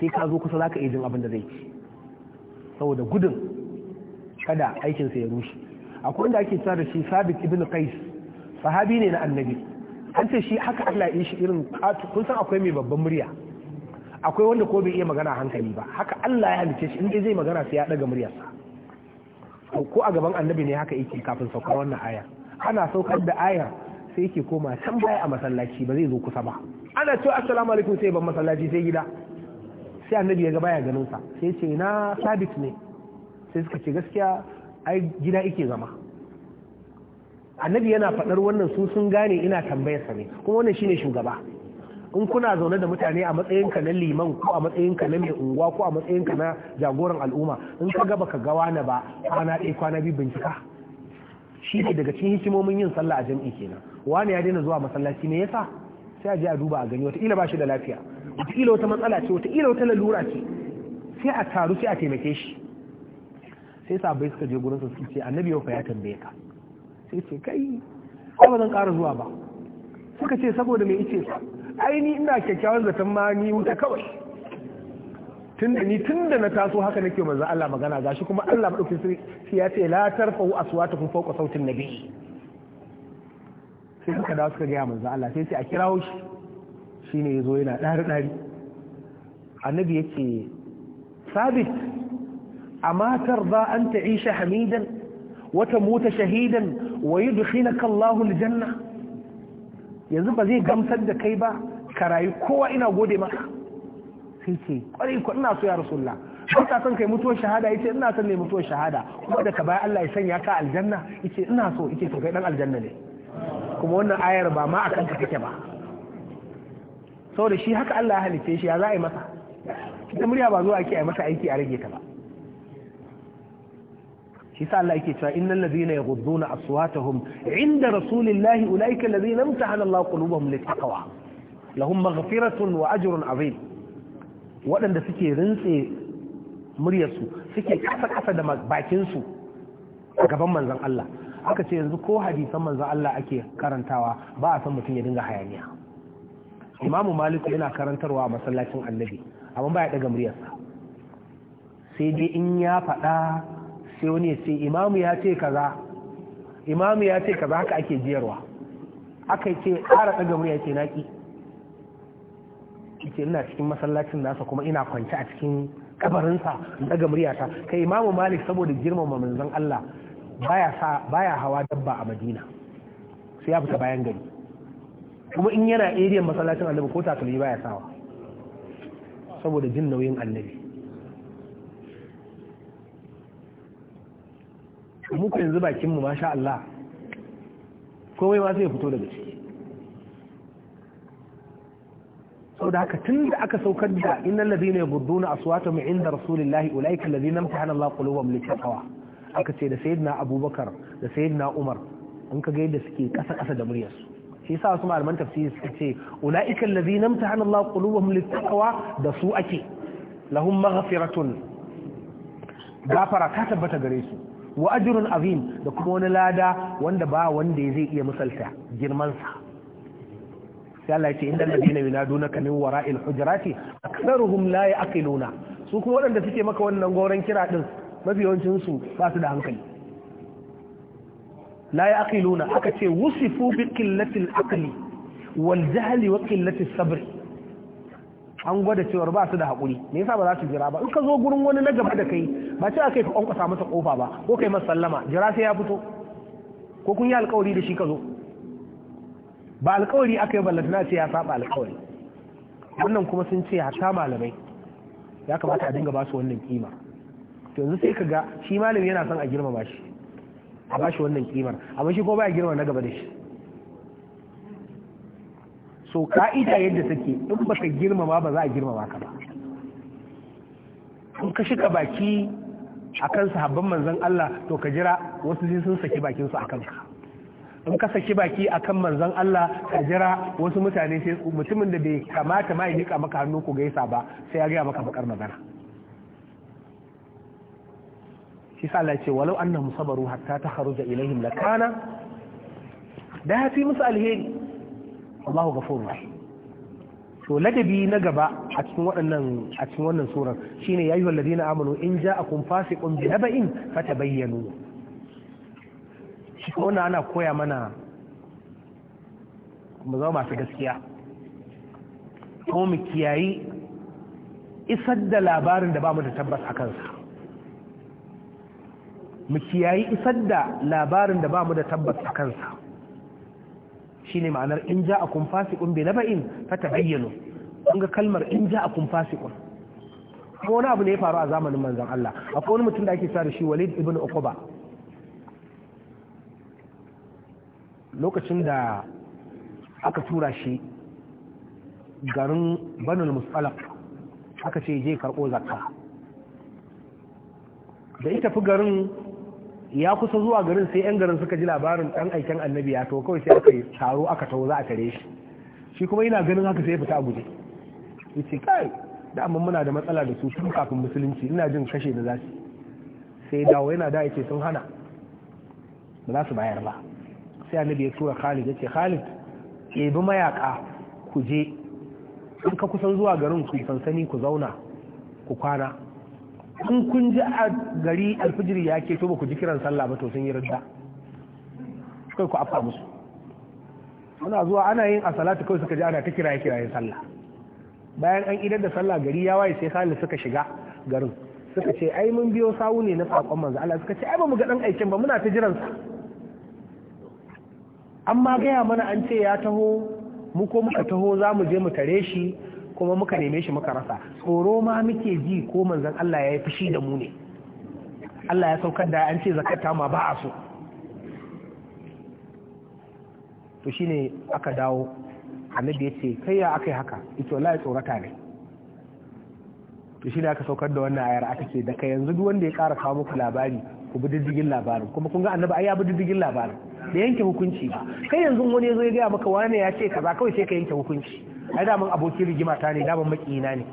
Speaker 2: sai ka zo kusa za ka ejin abin da zai ci saboda gudun kada aikinsa ya rushe akwai wanda ake tsara da shi sabit ibn qais sahabi ne na annabi an ce shi haka Allah ya shi irin kun san akwai mai babban murya akwai wanda ko bai iya magana hankali ba haka Allah ya halice shi in dai zai magana sai ya daga muryarsa ko a gaban annabi ne haka yake kafin saukar wannan aya ana saukar da aya sai yake koma can baya a masallaci ba zai zo kusa ba ana cewa assalamu alaikum sai ban masallaci sai gida sai annabi ya ga baya ganin sa sai ce na sabit ne sai suka ce gaskiya ai gida yake zama annabi yana faɗar wannan su sun gane ina tambayar sa ne kuma wannan shine shugaba in kuna zaune da mutane a matsayinka na liman ko a matsayinka na mai unguwa ko a matsayinka na jagoran al'umma in ka gaba ka ga wani ba kwana ɗaya kwana biyu bincika shi ne daga cikin hikimomin yin sallah a jam'i kenan wani ya daina zuwa masallaci me yasa sai a je a duba a gani wataƙila ba shi da lafiya wataƙila wata matsala ce wataƙila wata lalura ce sai a taru sai a taimake shi sai sabai suka je gurin su ce annabi yau fa ya tambaye ka sai ce kai ba zan ƙara zuwa ba suka ce saboda mai ice aini ina kyakkyawan zaton ma ni wuta kawai tun da ni tun da na taso haka nake manzo Allah magana gashi kuma Allah madauki sai ya ce la tarfa'u aswatakum fawqa sautin nabi sai suka dawo suka gaya manzo Allah sai sai a kirawo shi shine yazo yana dari dari annabi yake sabit amma tarda an ta'isha hamidan wa tamuta shahidan wa yudkhinaka Allahu aljanna yanzu ba zai gamsar da kai ba ka rayu kowa ina gode maka sai ce kwarai ko ina so ya rasulla ko ka san kai mutuwar shahada yace ina son ne mutuwar shahada kuma da ka bayan Allah ya sanya ka aljanna yace ina so yace to kai dan aljanna ne kuma wannan ayar ba ma akan ka take ba saboda shi haka Allah ya halice shi ya za a yi masa ita murya ba zuwa ake a masa aiki a rage ta ba shi Allah yake cewa innal ladina yaghudduna aswatahum inda rasulillahi ulaika alladhina imtahana Allah qulubahum litaqwa lahum maghfiratun wa ajrun azim waɗanda suke rintse muryarsu suke kasa kasa da bakin su gaban manzon Allah aka ce yanzu ko hadisan manzon Allah ake karantawa ba a san mutum ya dinga hayaniya imamu malik yana karantarwa a masallacin annabi amma ba ya daga muryarsa sai dai in ya faɗa sai wani ya ce imamu ya ce kaza imamu ya ce kaza haka ake jiyarwa aka ce ƙara ɗaga murya ce naƙi ce ina cikin masallacin nasa kuma ina kwance a cikin kabarinsa ɗaga ta kai imamu malik saboda girmama manzon Allah baya hawa dabba a madina sai ya fita bayan gari kuma in yana eriyan masallacin annabi ko takalmi baya sawa saboda jin nauyin annabi mu yanzu bakinmu mu masha Allah kowai ma zai fito daga ciki sau da haka tun da aka saukar da innan lazi ne burduna a suwata mai inda rasulillahi ulaika lazi na mutane Allah kuluwa mulkawa aka ce da sayyidina abubakar da sayyidina umar an ka ga yadda suke kasa kasa da muryarsu shi yasa wasu malaman tafsiri suka ce ulaika allazi na mutane Allah kuluwa mulkawa da su ake lahum maghfiratun gafara ta tabbata gare su wa ajrun azim da kuma wani lada wanda ba wanda zai iya misalta girmansa sa sai Allah ya ce innal ladina yunadunaka min wara'il hujurati aktharuhum la yaqiluna su kuma waɗanda suke maka wannan goren kira din mafi yawancin su ba su da hankali la yaqiluna aka ce wusifu bi qillati al-aqli wal jahli wa qillati sabr an gwada cewar ba su da haƙuri me yasa ba za su jira ba in ka zo gurin wani na gaba da kai ba ce a kai ka kwankwasa masa kofa ba ko kai masa sallama jira sai ya fito ko kun yi alƙawari da shi ka zo ba alƙawari aka yi na ce ya saba alƙawari wannan kuma sun ce hatta malamai ya kamata a dinga ba su wannan kima to yanzu sai ka ga shi malami yana son a girmama shi a ba shi wannan kimar amma shi ko ba ya girma na gaba da shi so ka'ida yadda take in baka girmama ba za a girmama ka ba in ka shika baki a kan sahabban manzon Allah to ka jira wasu sai sun saki bakin su akan ka in ka saki baki akan manzon Allah ka jira wasu mutane sai mutumin da bai kamata ma ya nika maka hannu ku gaisa ba sai ya gaya maka bakar magana shi sa Allah ce walau annahum sabaru hatta takharuja ilaihim lakana da ya fi musu alheri wallahu ghafurur rahim to ladabi na gaba a cikin waɗannan a cikin wannan surar shine ya ayyuhal ladina amanu in ja'akum fasiqun bi naba'in fatabayyanu shi wannan ana koya mana mu zama masu gaskiya ko mu kiyayi isar da labarin da ba mu da tabbas a kansa mu kiyayi isar da labarin da ba mu da tabbas a kansa shine ma'anar in ja'akum fasiqun bi naba'in fatabayyanu kun ga kalmar in kun fasiqun ko wani abu ne ya faru a zamanin manzon Allah akwai wani mutum da ake sa da shi Walid ibn Uqba lokacin da aka tura shi garin Banul Mustalaq aka ce je karɓo zakka da ita fi garin ya kusa zuwa garin sai yan garin suka ji labarin ɗan aiken annabi ya to kawai sai aka yi taro aka tawo za a tare shi shi kuma yana ganin haka sai ya fita a guje ce kai da amma muna da matsala da su tun kafin musulunci ina jin kashe da su sai dawo yana da ce sun hana ba za su bayar ba sai annabi ya tura Khalid ce Khalid bi mayaka ku je in ka kusan zuwa garin ku sansani ku zauna ku kwana in kun ji a gari alfijiri ya ke to ba ku ji kiran sallah ba to sun yi radda kai ku afa musu ana zuwa ana yin a salatu kawai suka ji ana ta kira yin sallah bayan an idar da sallah gari ya waye sai sali suka shiga garin suka ce ai mun biyo sawu ne na sakon manzo Allah suka ce ai ba mu ga dan aikin ba muna ta jiran sa amma gaya mana an ce ya taho mu ko muka taho za mu je mu tare shi kuma muka neme shi muka rasa tsoro ma muke ji ko manzon Allah ya yi fushi da mu ne Allah ya saukar da an ce zakata ma ba a so to shine aka dawo annabi ya ce kai ya akai haka ita ya tsorata ne to shine aka saukar da wannan ayar aka ce daga yanzu duk wanda ya ƙara kawo muku labari ku bi diddigin labarin kuma kun ga annabi ai ya bi diddigin labarin da yanke hukunci ba kai yanzu wani ya zo ya gaya maka wani ya ce kaza kawai sai ka yanke hukunci ai mun abokin rigima ta ne daman makina ne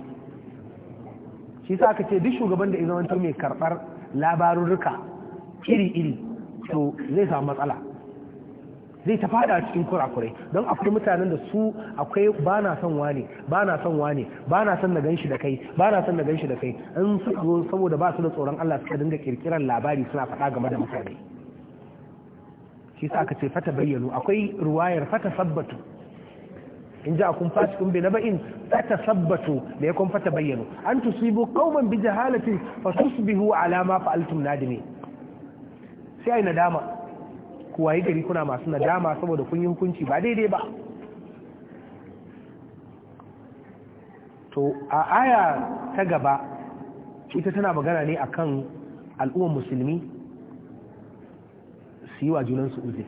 Speaker 2: shi sa aka ce duk shugaban da izamanto mai karbar labarurruka iri-iri to zai samu matsala zai ta fada cikin kurakurai don akwai mutanen da su akwai ba na son wane ba na son wane ba na son na gan shi da kai ba na son na gan shi da kai in suka zo saboda ba su da tsoron Allah suka dinga kirkiran labari suna fada game da mutane shi sa aka ce fata bayyano akwai ruwayar fata sabbatu in ja kun fasikun bi naba'in fatasabbatu da yakun bayyano an tusibu qauman bi jahalatin tusbihu ala ma fa'altum nadimi sai ai nadama ku wayi gari kuna masu nadama saboda kun yi hukunci ba daidai ba to a aya ta gaba ita tana magana ne akan al'ummar musulmi su yi wa junansu uzuri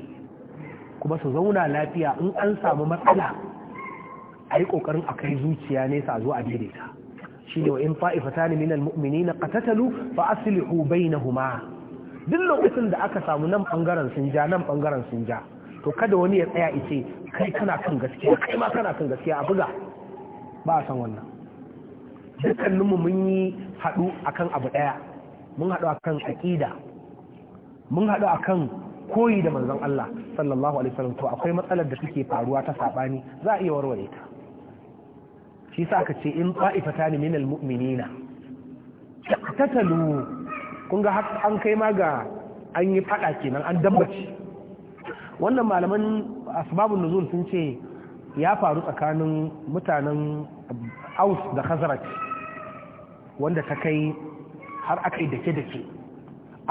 Speaker 2: kuma su zauna lafiya in an samu matsala a yi ƙoƙarin a kai zuciya nesa zuwa zo a daidaita shi ne wa in fa'ifata ne na mu'mini na ƙatatalu fa asilihu hubai na huma duk lokacin da aka samu nan ɓangaren sun ja nan ɓangaren sun ja to kada wani ya tsaya ice kai kana kan gaskiya kai ma kana kan gaskiya a buga ba a san wannan dukkaninmu mun yi haɗu akan abu ɗaya mun haɗu akan aƙida mun haɗu akan koyi da manzon Allah sallallahu alaihi wasallam to akwai matsalar da suke faruwa ta saɓani za a iya warware ta shi sa aka ce in ta'ifata ne minal mu'minina Tattalu kun ga an kai ma ga an yi fada kenan an dambaci wannan malaman asbabun nuzul sun ce ya faru tsakanin mutanen aus da khazraj wanda ta kai har aka yi dake-dake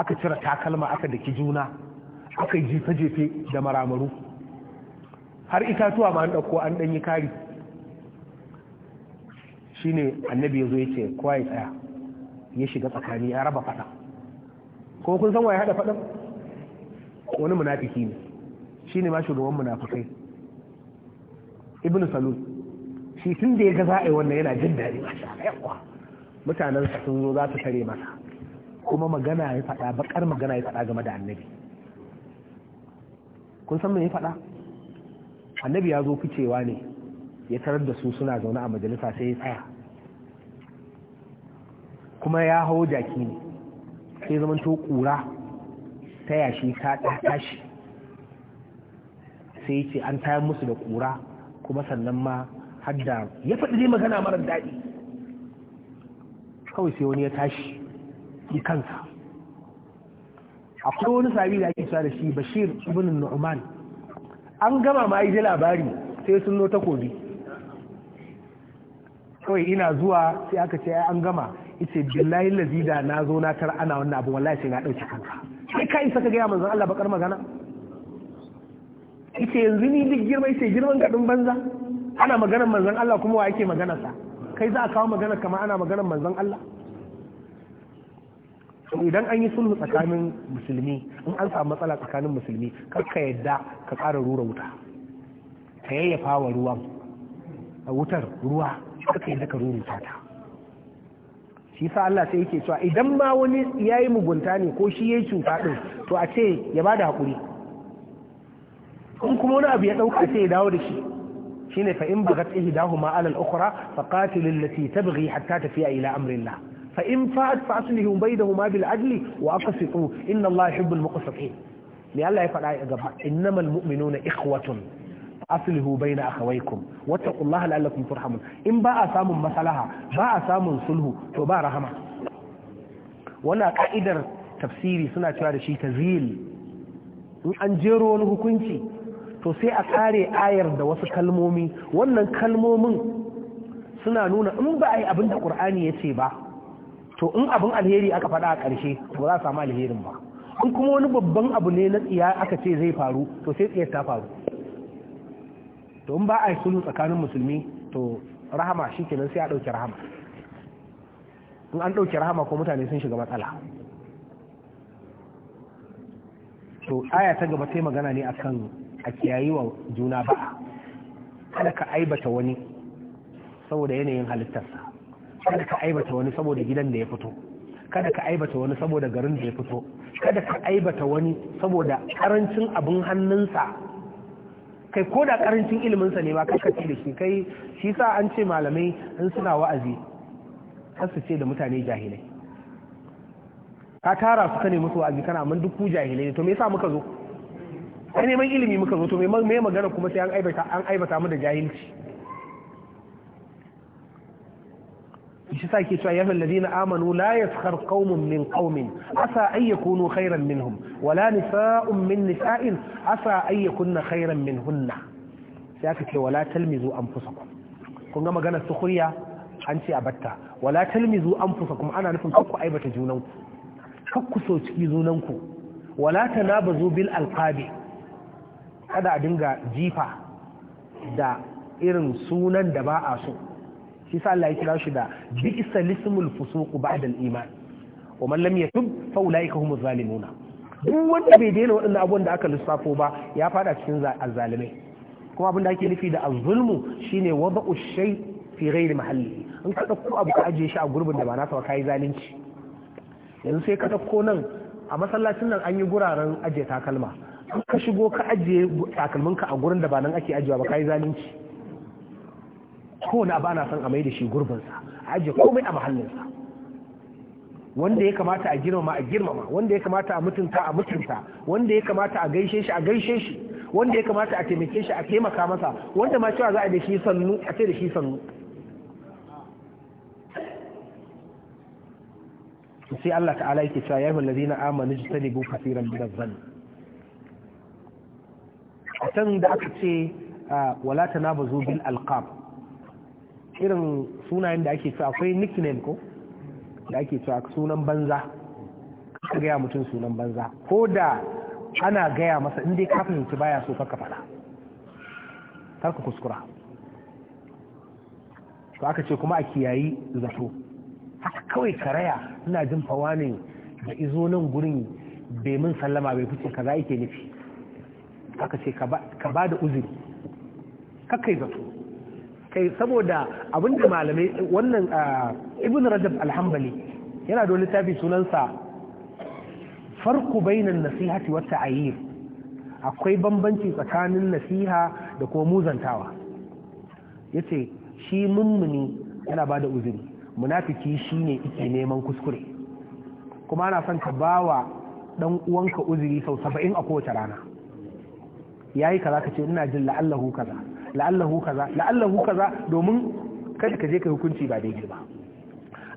Speaker 2: aka cire takalma aka daki juna aka yi jefe-jefe da maramaru har itatuwa ma an ɗauko an ɗanyi kari shine annabi ya zo ya ce kowa ya tsaya ya shiga tsakani ya raba fada ko kun san waye hada faɗin? wani munafiki ne shine ma shugaban munafikai ibn salul shi tun da ya ga za wannan yana jin daɗi masha mutanen sa sun zo za su tare masa kuma magana ya faɗa bakar magana ya faɗa game da annabi kun san me ya faɗa annabi ya zo ficewa ne ya tarar da su suna zaune a majalisa sai ya tsaya kuma ya hau jaki ne sai zama to kura ta yashi ta tashi sai ce an tayar musu da kura kuma sannan ma hadda ya faɗi zai magana marar daɗi kawai sai wani ya tashi yi kansa akwai wani sabi da ake sa da shi bashir ibn nu'man an gama ma yi labari sai sun takobi kawai ina zuwa sai aka ce an gama Ice billahi lazi da na zo na tar ana wannan abu wallahi sai na dauki kanka kai ka isa ka ga manzon Allah bakar magana ita yanzu ni duk girma yace girman gadin banza ana maganar manzon Allah kuma wa yake maganar sa kai za a kawo magana kamar ana maganar manzon Allah idan an yi sulhu tsakanin musulmi in an samu matsala tsakanin musulmi kar ka yadda ka ƙara rura wuta ka yayyafa wa ruwan a wutar ruwa kar ka yadda ka ta shi sa Allah sai yake cewa idan ma wani ya yi mugunta ne ko shi yayi cuta din to a ce ya bada hakuri in kuma wani abu ya dauka sai ya dawo da shi shine fa in bagat ihdahuma ala al-ukhra fa qatil ta tabghi hatta tafiya ila amrillah fa in fa'at fa aslihu baydahuma bil adli wa aqsitu inna Allah yuhibbul muqsitin me Allah ya faɗa a gaba innamal mu'minuna ikhwatun aslihu baina akhawaykum wattaqullaha la'allakum turhamun in ba a samun masalaha ba a samun sulhu to ba rahama wannan ka'idar tafsiri suna cewa da shi tazil in an jero wani hukunci to sai a kare ayar da wasu kalmomi wannan kalmomin suna nuna in ba a yi abin da ƙur'ani ya ce ba to in abin alheri aka faɗa a ƙarshe ba za a samu alherin ba in kuma wani babban abu ne na tsiya aka ce zai faru to sai tsiyar ta faru to in ba a yi sulhu tsakanin musulmi to rahama shi kenan sai a ɗauki rahama in an ɗauki rahama ko mutane sun shiga matsala to aya ta gaba sai magana ne akan a kiyayi wa juna ba kada ka aibata wani saboda yanayin halittarsa kada ka aibata wani saboda gidan da ya fito kada ka aibata wani saboda garin da ya fito kada ka aibata wani saboda karancin abin hannunsa kai ko da karancin iliminsa ne ma kakace da shi kai shi sa an ce malamai in suna wa'azi su ce da mutane jahilai ka tara su ka nemi su wa'azi kana mun duk ku jahilai ne to me yasa muka zo kai neman ilimi muka zo to me magana kuma sai an aibata an aibata mu da jahilci shi sa ke cewa ya alladhina amanu la yaskhar qaumun min qaumin asa ay yakunu khairan hum wala nisa'un min nisa'in asa ay yakunna khairan hunna sai aka ce wala talmizu anfusakum kun ga maganar sukhriya an ce a batta wala talmizu anfusakum ana nufin kakku aibata junanku kakku so ciki junanku wala tanabazu bil alqabi kada a dinga jifa da irin sunan da ba a so shi sa Allah ya kira shi da bi'sa lismul fusuq ba'da al-iman wa man lam yatub fa ulaika humuz zalimun duk wanda bai daina waɗannan abubuwan da aka lissafo ba ya fada cikin zalimai kuma abin da ake nufi da azzulmu shine wada'u shay fi ghairi mahalli in ka dauko abu ka ajiye shi a gurbin da ba nasa ba kai zalunci yanzu sai ka dauko nan a masallacin nan an yi guraren ajiye takalma ka shigo ka ajiye takalminka a gurin da ba nan ake ajiyewa ba kai zalunci kowane abu ana son a mai da shi gurbinsa a ajiye komai a mahallinsa wanda ya kamata a girmama a girmama wanda ya kamata a mutunta a mutunta wanda ya kamata a gaishe shi a gaishe shi wanda ya kamata a taimake shi a taimaka masa wanda ma cewa za a da shi sannu a ce da shi sannu sai Allah ta'ala yake cewa ya ayyuhal na amanu jtanibu kaseeran kafiran adh zan a can da aka ce ah, wala ta tanabazu bil alqab irin sunayen da ake cewa akwai nickname ko da ake cewa sunan banza ka gaya mutum sunan banza ko da ana gaya masa in dai ka fahimci baya so ka fada kar ka kuskura to aka ce kuma a kiyayi zato haka kawai karaya ina jin fawa ne da izo nan gurin bai min sallama bai fice kaza yake nufi aka ce ka ba da uzuri kakai zato kai saboda abinda malamai wannan ibn rajab alhambali yana da littafi sunansa farku bainan nasihati wa ta'ayyir akwai bambanci tsakanin nasiha da kuma muzantawa yace shi mummuni yana bada uzuri munafiki shine yake neman kuskure kuma ana son ka ba wa dan uwanka uzuri sau 70 a kowace rana yayi kaza ka ce ina jin la'allahu kaza la'allahu kaza la'allahu kaza domin kada ka je ka hukunci ba daidai ba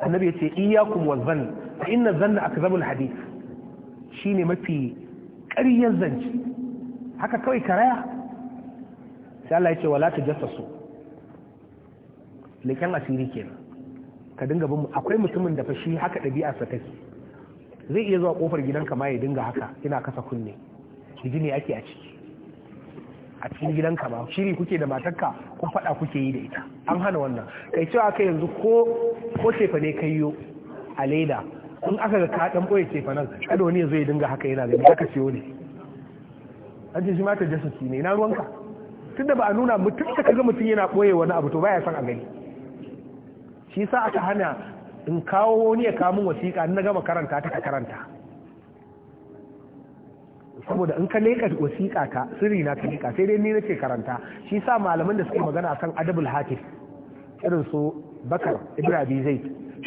Speaker 2: annabi ya ce iyyakum wa zann fa inna zanna akzabul hadith shine mafi ƙaryar zance haka kawai karaya sai Allah ya ce wala tajassasu lekan asiri kenan ka dinga bin akwai mutumin da fa shi haka ɗabi'arsa take zai iya zuwa kofar gidanka ma ya dinga haka ina kasa kunne jini ake a ciki a cikin gidanka ba shiri kuke da matarka ko faɗa kuke yi da ita an hana wannan kai cewa kai yanzu ko ko tefa ne yo a leda in aka ga ka dan boye tefa nan kada wani zai dinga haka yana gani aka siyo ne an ce shi ma ta jasusi ne na ruwanka tunda ba a nuna mutum ta kaga mutum yana boye wani abu to baya san a gani shi sa aka hana in kawo wani ya kawo min wasiƙa na gama karanta ta ka karanta saboda in ka leƙa wasiƙa ka sirri na ka leƙa sai dai ni nace karanta shi sa malaman da suke magana akan adabul hatif irin su bakar ibrahim zai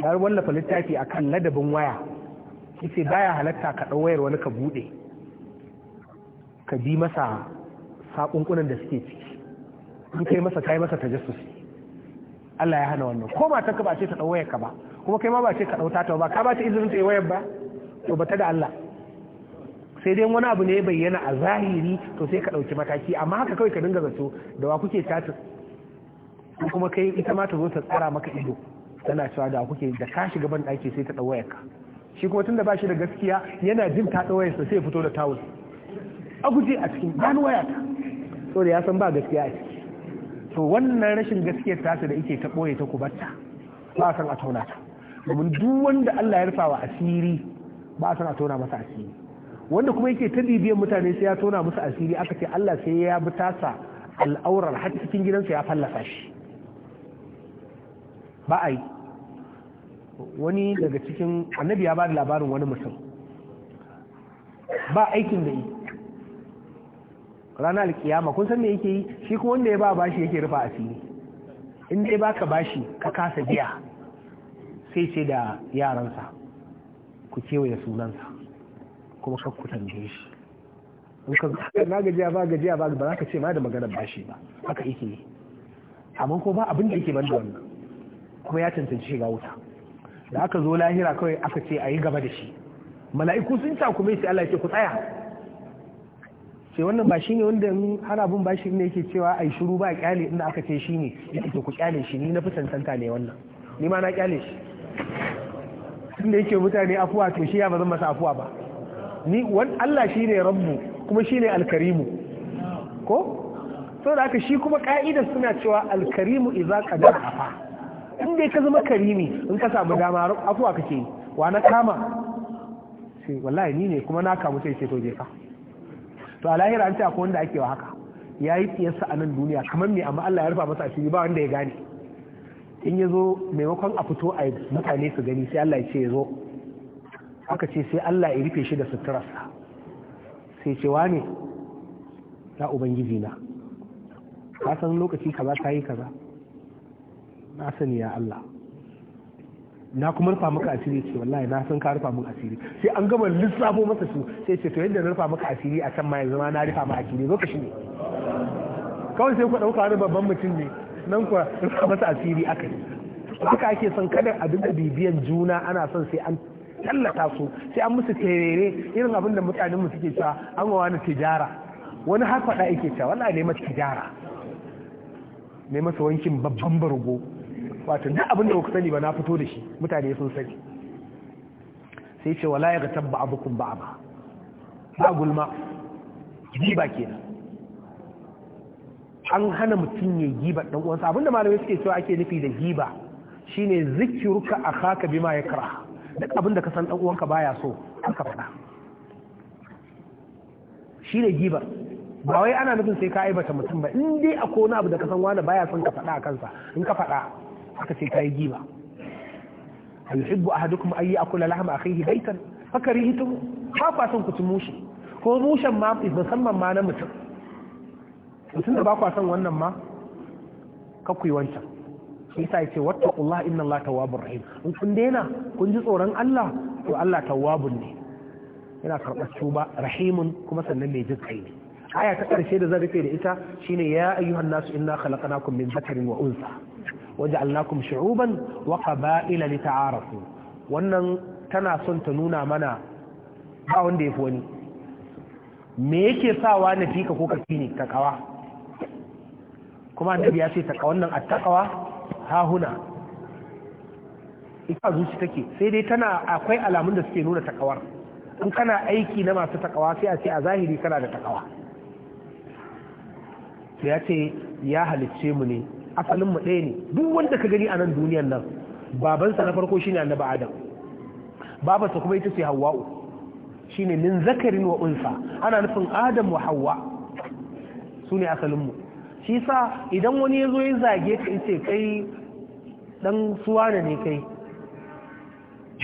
Speaker 2: ya wallafa littafi akan ladabin waya sai baya halatta ka ɗau wayar wani ka buɗe ka bi masa sakunkunan da suke ciki in kai masa kai masa tajassus Allah ya hana wannan ko matanka ka ba ce ta ɗau wayar ka ba kuma kai ma ba ce ka ɗau ta ba ka ba ta izinin ta wayar ba to ba ta da Allah sai dai wani abu ne ya bayyana a zahiri to sai ka ɗauki mataki amma haka kawai ka dinga zato da wa kuke tatin kuma kai ita ma ta zo ta tsara maka ido tana cewa da kuke da ka shiga ban ɗaki sai ta ɗau wayarka shi kuma da ba shi da gaskiya yana jin ta ɗau sai ya fito da tawul a guje a cikin gano wayata saboda ya san ba gaskiya a ciki to wannan rashin gaskiyar tasa da ike ta ɓoye ta kubarta ba san a tauna ta domin duk wanda Allah ya rufa asiri ba san a tauna masa asiri wanda kuma yake ta bibiyan mutane sai ya tona musu asiri aka ce Allah sai ya bi tasa al'aurar har cikin gidansa ya fallasa shi ba a wani daga cikin annabi ya ba da labarin wani mutum ba aikin da yi ranar alkiyama kun san me yake yi shi kuma wanda ya ba bashi yake rufa asiri in dai baka bashi ka kasa biya sai ce da yaransa ku kewaye sunansa kuma ka ku shi in ka haka na gajiya ba gajiya ba ba za ka ce ma da magana ba shi ba haka yake ne. amma ko ba abin da yake ban da wannan kuma ya cancanci shiga wuta da aka zo lahira kawai aka ce a yi gaba da shi mala'iku sun ta kuma sai Allah ya ce ku tsaya sai wannan ba shine wanda mun har bin ba shi ne yake cewa ai shiru ba kyale inda aka ce shine yake ku kyale shi ni na fi tantanta ne wannan ni ma na kyale shi inda yake mutane afuwa to shi ya ba zan masa afuwa ba ni Allah shi ne rabbu kuma shi ne alkarimu ko da haka shi kuma ka'idar suna cewa alkarimu idza qadara afa in dai ka zama karimi in ka samu dama afuwa kake yi wa na kama sai wallahi ni ne kuma na kamu sai ce to je ka to a lahira an ce akwai wanda ake wa haka ya yi tsiyarsa a nan duniya kamar me amma Allah ya rufa masa asiri ba wanda ya gane in ya zo maimakon a fito a mutane su gani sai Allah ya ce ya zo aka ce sai Allah ya rufe shi da suturarsa sai ce wane ya ubangiji na ka san lokaci kaza ka yi kaza na sani ya Allah na kuma rufa maka asiri ce wallahi na san ka rufa mun asiri sai an gama lissafo masa su sai ce to yadda na rufa maka asiri a can ma yanzu ma na rufa ma asiri lokaci ne kawai sai ku dauka wani babban mutum ne nan ku rufa masa asiri aka yi haka ake son kada a dinga bibiyan juna ana son sai an tallata su sai an musu terere irin abin da mutanenmu suke cewa an wa wani tijara wani har faɗa yake cewa wallahi ne masa tijara ne masa wankin babban bargo wato duk abin da kuka sani ba na fito da shi mutane sun sani sai ce wala ya ga tabba abukun ba ba ba gulma giba kenan an hana mutum ya giba ɗan uwansa abinda malamai suke cewa ake nufi da giba shine zikiruka haka bima kara duk abin da ka san uwanka baya so aka faɗa shi ne giba ba wai ana nufin sai ka aibata mutum ba in dai a kona abu da ka san wani baya son ka faɗa a kansa in ka faɗa aka ce ka yi giba a yi hibbu a hadu kuma ayi a kula lahama a kai hibaitan haka rihitin ba kwa son ku ci mushe ko mushen ma musamman ma na mutum mutum da ba kwa son wannan ma ka ku yi wancan shi yasa yace wattaqullah inna tawwabur rahim in kun daina kun ji tsoron Allah to Allah tawwabun ne yana karɓar tuba rahimun kuma sannan mai jin kai ne aya ta ƙarshe da zan rufe da ita shine ya ayyuhan nasu inna khalaqnakum min dhakarin wa unsa waja'alnakum shu'uban wa qaba'ila lita'arafu wannan tana son ta nuna mana ba wanda yafi wani me yake sawa na fika ko kafi ne takawa kuma annabi ya ce taka wannan attaqwa kahuna ita zuci take sai dai tana akwai alamun da suke nuna takawar in kana aiki na masu takawa sai a ce a zahiri kana da takawa ya ce ya halicce mu ne asalin mu ɗaya ne duk wanda ka gani a nan duniyan nan babansa na farko shine annabi adam babansa kuma ita ce hawwa'u shine min zakarin wa unsa ana nufin adam wa hawwa su ne asalin mu shi sa idan wani ya zo ya zage ka ce kai dan suwana ne kai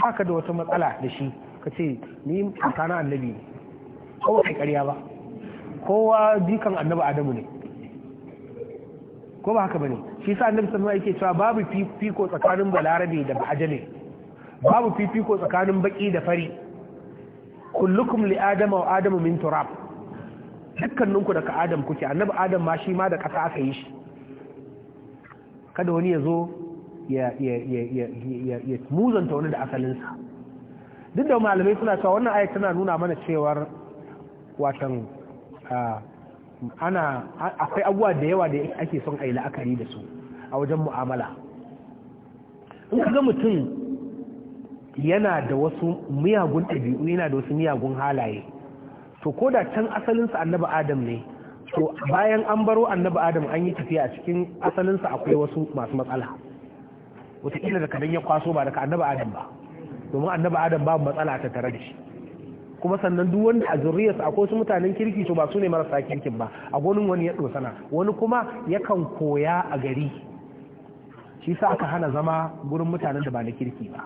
Speaker 2: haka da wata matsala da shi ka ce ni kakana annabi ne kowa kai ƙarya ba kowa jikan annabi adamu ne ko ba haka bane shi sa annabi sallallahu yake cewa babu fifiko tsakanin balarabe da ba'ajale babu fifiko tsakanin baki da fari kullukum li adama wa adamu min turab dukkaninku daga adam kuke annabi adam ma shi ma da kasa aka yi shi kada wani ya zo ya muzanta wani da asalinsa duk da malamai suna cewa wannan ayat tana nuna mana cewar watan ana akwai abubuwa da yawa da ake son a yi la'akari da su a wajen mu'amala in ka ga mutum yana da wasu miyagun ɗabi'u yana da wasu miyagun halaye to ko da can asalinsa annabi adam ne to bayan an baro annabi adam an yi tafiya a cikin asalinsa akwai wasu masu matsala wataƙila da kadan ya kwaso ba daga annaba adam ba domin annaba adam babu matsala ta tare da shi kuma sannan duk wanda a zuriyarsa akwai su mutanen kirki to ba su ne marasa kirkin ba a gonin wani ya dosana wani kuma yakan koya a gari shi sa aka hana zama gurin mutanen da ba na kirki ba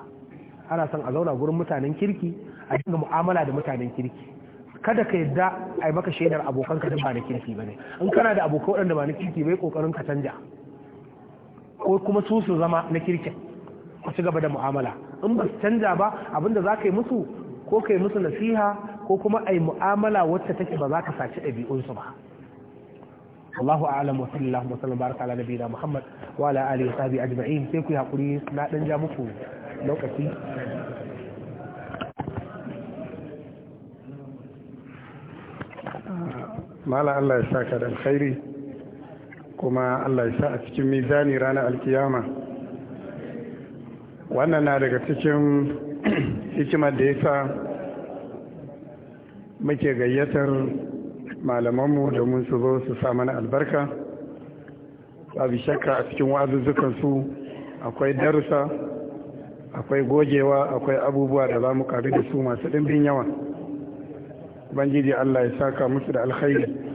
Speaker 2: ana son a zauna gurin mutanen kirki a dinga mu'amala da mutanen kirki kada ka yadda a yi maka shaidar abokanka da ba na kirki ba ne in kana da abokai waɗanda ba na kirki bai kokarin ka canja ko kuma su su zama na kirkin ku ci gaba da mu'amala in ba su canja ba abinda za ka yi musu ko ka yi musu nasiha ko kuma a yi mu'amala wacce take ba za ka saci ɗabi'unsu ba Allahu a'lam wa sallallahu wa sallam baraka ala nabiyina Muhammad wa ala alihi wa sahbihi ajma'in sai ku yi hakuri na dan ja muku lokaci
Speaker 1: mala Allah ya saka da alkhairi kuma Allah ya sa a cikin mizani ranar alkiyama wannan na daga cikin hikimar da ya sa muke gayyatar malamanmu domin su zo su sa mana albarka babu shakka a cikin su akwai darussa akwai gogewa akwai abubuwa da za mu karu da su masu ɗimbin yawa ubangiji Allah ya saka musu da alkhairi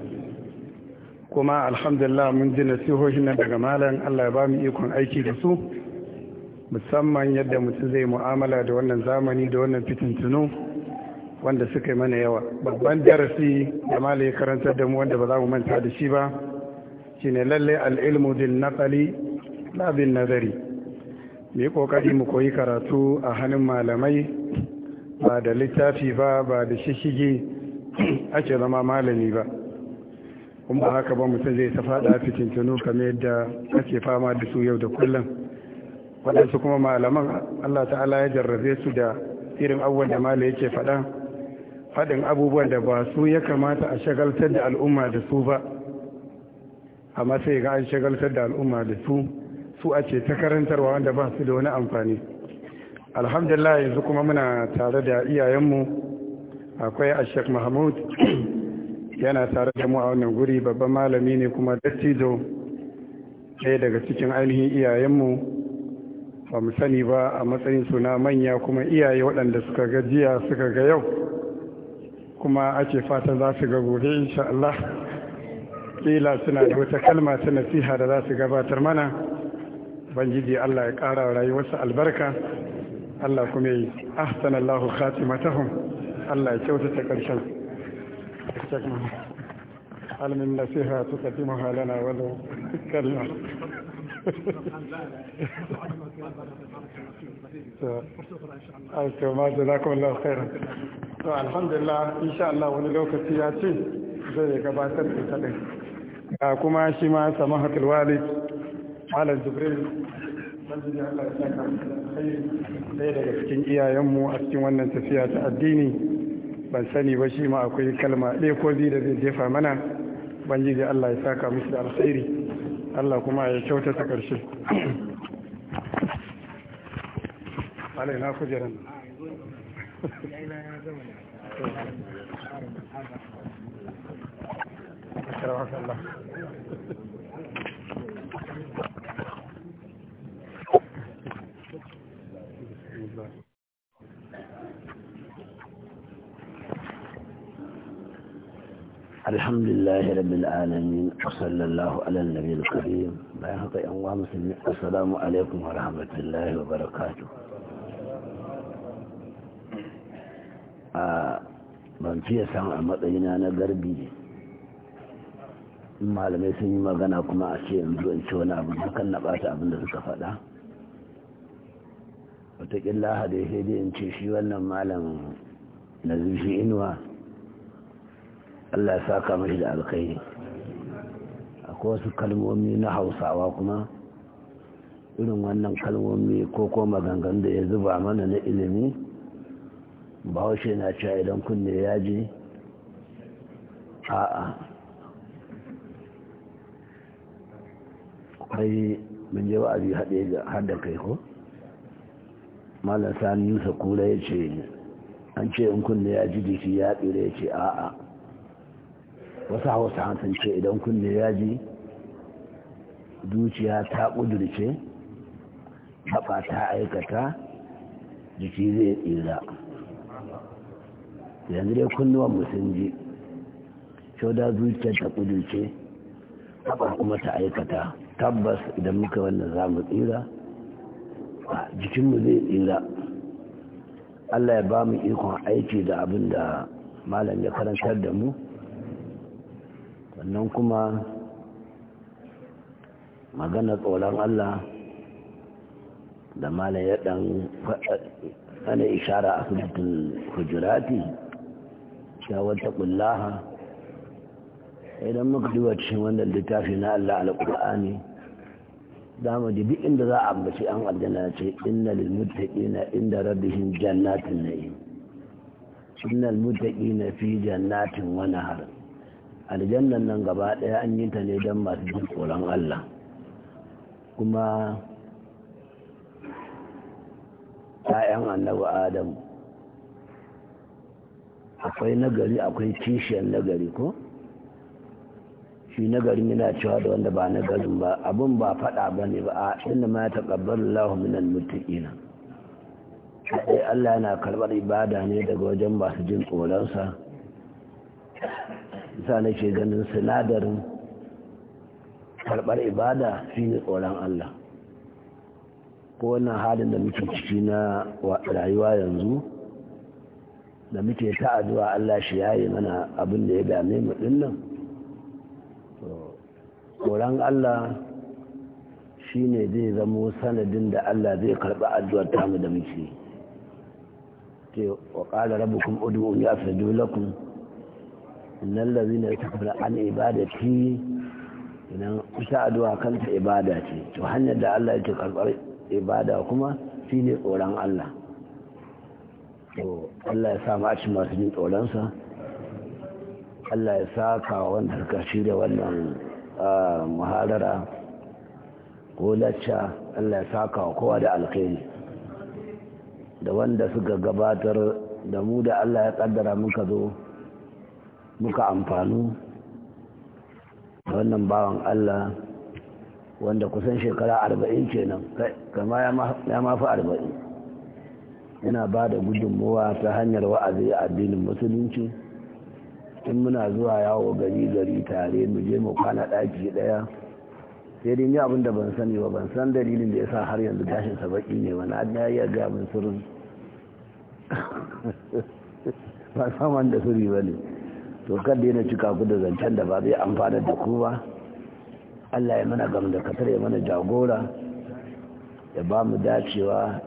Speaker 1: kuma alhamdulillah mun ji nasihohin nan daga malam Allah ya ba mu ikon aiki da su musamman yadda mutum zai mu'amala da wannan zamani da wannan fitintunu wanda suka yi mana yawa babban darasi da mala ya karantar da mu wanda ba za mu manta da shi ba shine lalle al'ilmu din naqali la nazari mu yi kokari mu koyi karatu a hannun malamai ba da littafi ba ba da shishigi ake zama malami ba kuma ba haka ba mutum zai ta fada cikin tuno kame yadda ake fama da su yau da kullum waɗansu kuma malaman Allah ta'ala ya jarrabe su da irin abubuwan da mala yake faɗa faɗin abubuwan da ba su ya kamata a shagaltar da al'umma da su ba amma sai ga an shagaltar da al'umma da su su a ce ta karantarwa wanda ba su da wani amfani alhamdulillah yanzu kuma muna tare da iyayenmu akwai ashek mahmud yana tare da mu a wannan guri babban malami ne kuma dattijo ɗaya daga cikin ainihin iyayenmu ba mu sani ba a matsayin suna manya kuma iyaye waɗanda suka ga jiya suka ga yau kuma ake fata za su ga gobe insha Allah kila suna da wata kalma ta nasiha da za su gabatar mana banjiji Allah ya ƙara rayuwarsa albarka Allah kuma ya yi ahsanallahu khatimatahum Allah ya kyautata ƙarshen استكمل هل من نسيها تقدمها لنا ولو تتكلم
Speaker 3: أيكم ما جزاكم الله خيرا الحمد لله
Speaker 1: إن شاء الله ونلوك السياسي زي كباتر تتلم كما شما سماحة الوالد على الجبريل الله خير ليلة في كنجيا يمو أسكي ونن تسياسي ban sani ba shi ma akwai kalma ɗaya ko biyu da zai jefa mana ubangiji Allah ya saka musu da alkhairi Allah kuma ya kyautata ta ƙarshe
Speaker 3: Allah.
Speaker 4: الحمد لله رب العالمين وصلى الله على النبي الكريم السلام عليكم ورحمة الله وبركاته آه، من في سعى مطينا نقربي ما لم يسن ما غنى كما أشياء من دون شونا بل كان نقاس عبد الله كفالة وتك الله هذه هذه انتشي ولا معلم نزل في انواه Allah ya saka mashi da alkhairi akwai wasu kalmomi na hausawa kuma irin wannan kalmomi ko ko maganganu da ya zuba mana na ilimi bahaushe na cewa idan kunne ya ji a'a kai mun je wa abi haɗe ga kai ko malam sani yusa kura ya ce an ce in kunne ya ji jiki ya tsira ya ce a'a wasu hausa sun ce idan kunne ya ji dukiya ta ƙudurce haɓa ta aikata jiki zai tsira yanzu dai kunnuwan musun ji da zuciya ta ƙudurce haɓa kuma ta aikata tabbas idan muka wannan za mu tsira a jikinmu zai tsira allah ya ba mu ikon aiki da abin da malam ya karantar da mu sannan kuma magana tsoron Allah da mala ya ɗan ana ishara a hujjatul hujurati cewa kullaha idan muka duba cikin wannan littafi na Allah alƙur'ani za mu ji duk inda za a ambaci an aljanna ce inna lil muttaqina inda rabbihim jannatin na'im innal muttaqina fi jannatin wa nahar aljannan nan gaba ɗaya an yi ta ne don masu jin tsoron Allah kuma ‘ya'yan annabu Adam akwai nagari akwai kishiyar nagari ko? shi nagari yana cewa da wanda ba nagarin ba abin ba faɗa ba ne ba a inda ma ya taƙabbar Allah minan mutu'ina Allah yana karɓar ibada ne daga wajen masu jin tsoronsa na ke ganin sinadarin karɓar ibada shi ne tsoron Allah ko wannan halin da muke ciki na rayuwa yanzu da muke ta'azuwa Allah shi yayi mana abin da ya dame mu dinnan tsoron Allah shi ne zai zama sanadin da Allah zai karɓi addu'ar tamu da muke ke wa ƙala rabbukum ud'u dole lakum innal ladina yastakbiruna an ibadati idan ita addu'a kanta ibada ce to hanyar da Allah yake karbar ibada kuma shine tsoron Allah to Allah ya sa mu a cikin masu jin tsoron sa Allah ya saka wannan kashi da wannan muharara ko lacca Allah ya sakawa kowa da alkhairi da wanda suka gabatar da mu da Allah ya kaddara muka zo muka amfanu wannan bawan Allah wanda kusan shekara arba'in kenan kama ya mafi arba'in yana ba da gudunmowa ta hanyar wa'azi a addinin musulunci in muna zuwa yawo gari gari tare mu je mu kwana ɗaki ɗaya sai dai ni abinda ban sani ba ban san dalilin da ya sa har yanzu gashin sabaki ne wani an ya ga min surun ba saman da suri ba ne to kan yana cika ku da zancen da ba zai amfana da ku ba Allah ya mana gam da kasar ya mana jagora ya ba mu dacewa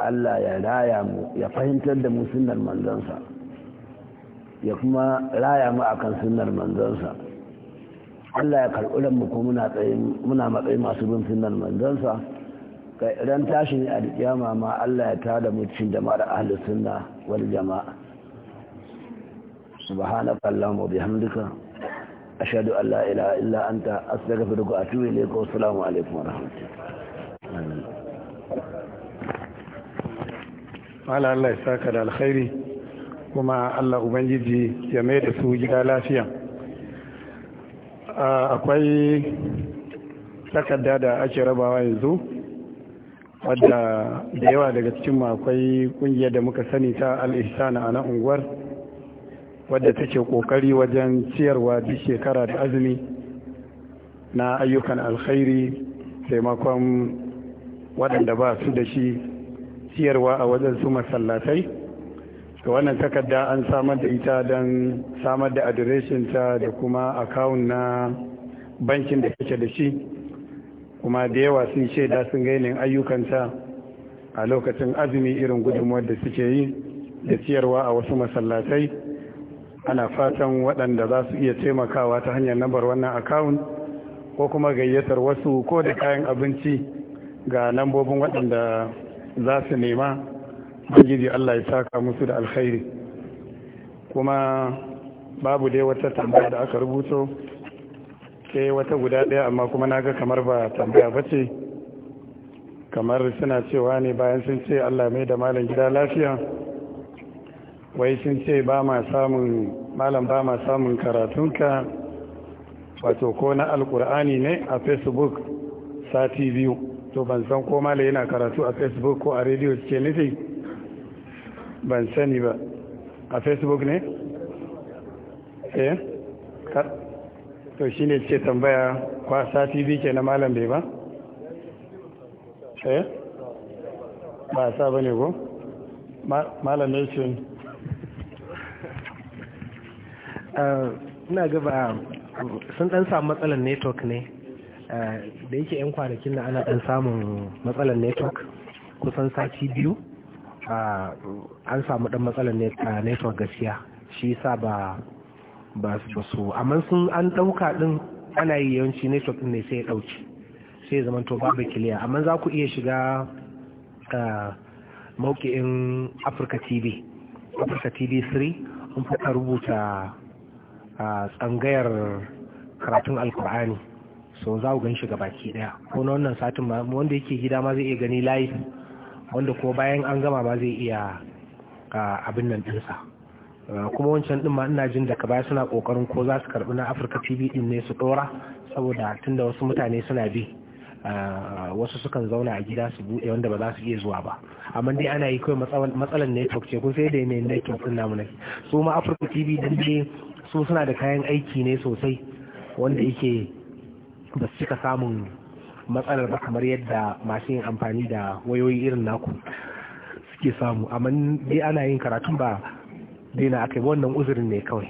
Speaker 4: Allah ya raya mu ya fahimtar da mu manzansa ya kuma raya mu akan sunnar manzansa Allah ya karɓi ranmu ko muna matsayi matsayin masu bin sunar manzansa ran tashin alƙiyama ma Allah ya tada mu cikin jama'ar ahalusunna sunna jama'a سبحانك اللهم وبحمدك لا والسلام عليكم الله الله
Speaker 1: Allah ya saka da alkhairi kuma Allah ubangiji ya mai da su gida lafiya akwai takarda da ake rabawa yanzu wadda da yawa daga cikin akwai kungiyar da muka sani ta al'ihsana a na unguwar wadda take kokari wajen ciyarwa duk shekara da azumi na ayyukan alkhairi taimakon waɗanda ba su da shi ciyarwa a wajen su masallatai da wannan takarda an samar da ita don samar da adireshinta da kuma akawun na bankin da take da shi kuma da yawa sun shaida sun gainin ayyukanta a lokacin azumi irin gudunmuwar da suke yi da ciyarwa a wasu masallatai ana fatan waɗanda za su iya taimakawa ta hanyar nambar wannan akawun ko kuma gayyatar wasu ko da kayan abinci ga lambobin waɗanda za su nema bangiji Allah ya saka musu da alkhairi kuma babu dai wata tambaya da aka rubuto sai wata guda ɗaya amma kuma na ga kamar ba tambaya ba ce kamar suna cewa ne bayan sun ce Allah mai da malam gida lafiya wai sun ce ba ma samun malam ba ma samun karatunka wato ko na alkur'ani ne a facebook sati biyu to ban san ko mala yana karatu a facebook ko a radio ce nufi ban sani ba a facebook ne? eh? to shi ne ce tambaya kwa sati biyu ke na malam bai ba? eh? ba sa ba ne ko?
Speaker 2: malam ne ce Eh, ina gaba sun dan samu matsalar network ne eh, da yake 'yan kwanakin na ana dan samun matsalar network kusan sati biyu eh, an samu dan matsalar network gaskiya shi sa ba ba su amma sun an dauka din ana yi yawanci network din ne sai ya dauki sai zaman to babu kiliya amma za ku iya shiga mauki'in Africa TV Africa TV 3 an fata rubuta a tsangayar karatun alkur'ani so za ku gan shi baki daya ko na wannan satin ma wanda yake gida ma zai iya gani layi wanda ko bayan an gama ma zai iya abin nan dinsa kuma wancan din ma ina jin daga baya suna kokarin ko za su karbi na Afirka TV din ne su dora saboda tunda wasu mutane suna bi wasu sukan zauna a gida su buɗe wanda ba za su iya zuwa ba amma dai ana yi kawai matsalan network ce kun sai da yanayin network din namu ne su ma Afirka TV din dai su suna da kayan aiki ne sosai wanda yake ba su cika samun matsalar ba kamar yadda masu yin amfani da wayoyi irin naku suke samu amma dai ana yin karatun ba daina aka yi wannan uzurin ne kawai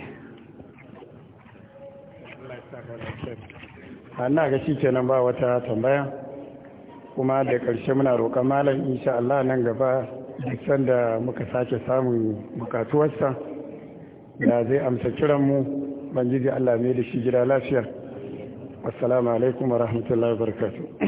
Speaker 2: na ga
Speaker 1: shi kenan ba wata tambaya kuma da ƙarshe muna roƙon malam insha Allah nan gaba duk sanda muka sake samun bukatuwarsa da zai amsa kiran mu banjiji Allah mai da shi gida lafiya assalamu alaikum wa rahmatullahi wa barakatuh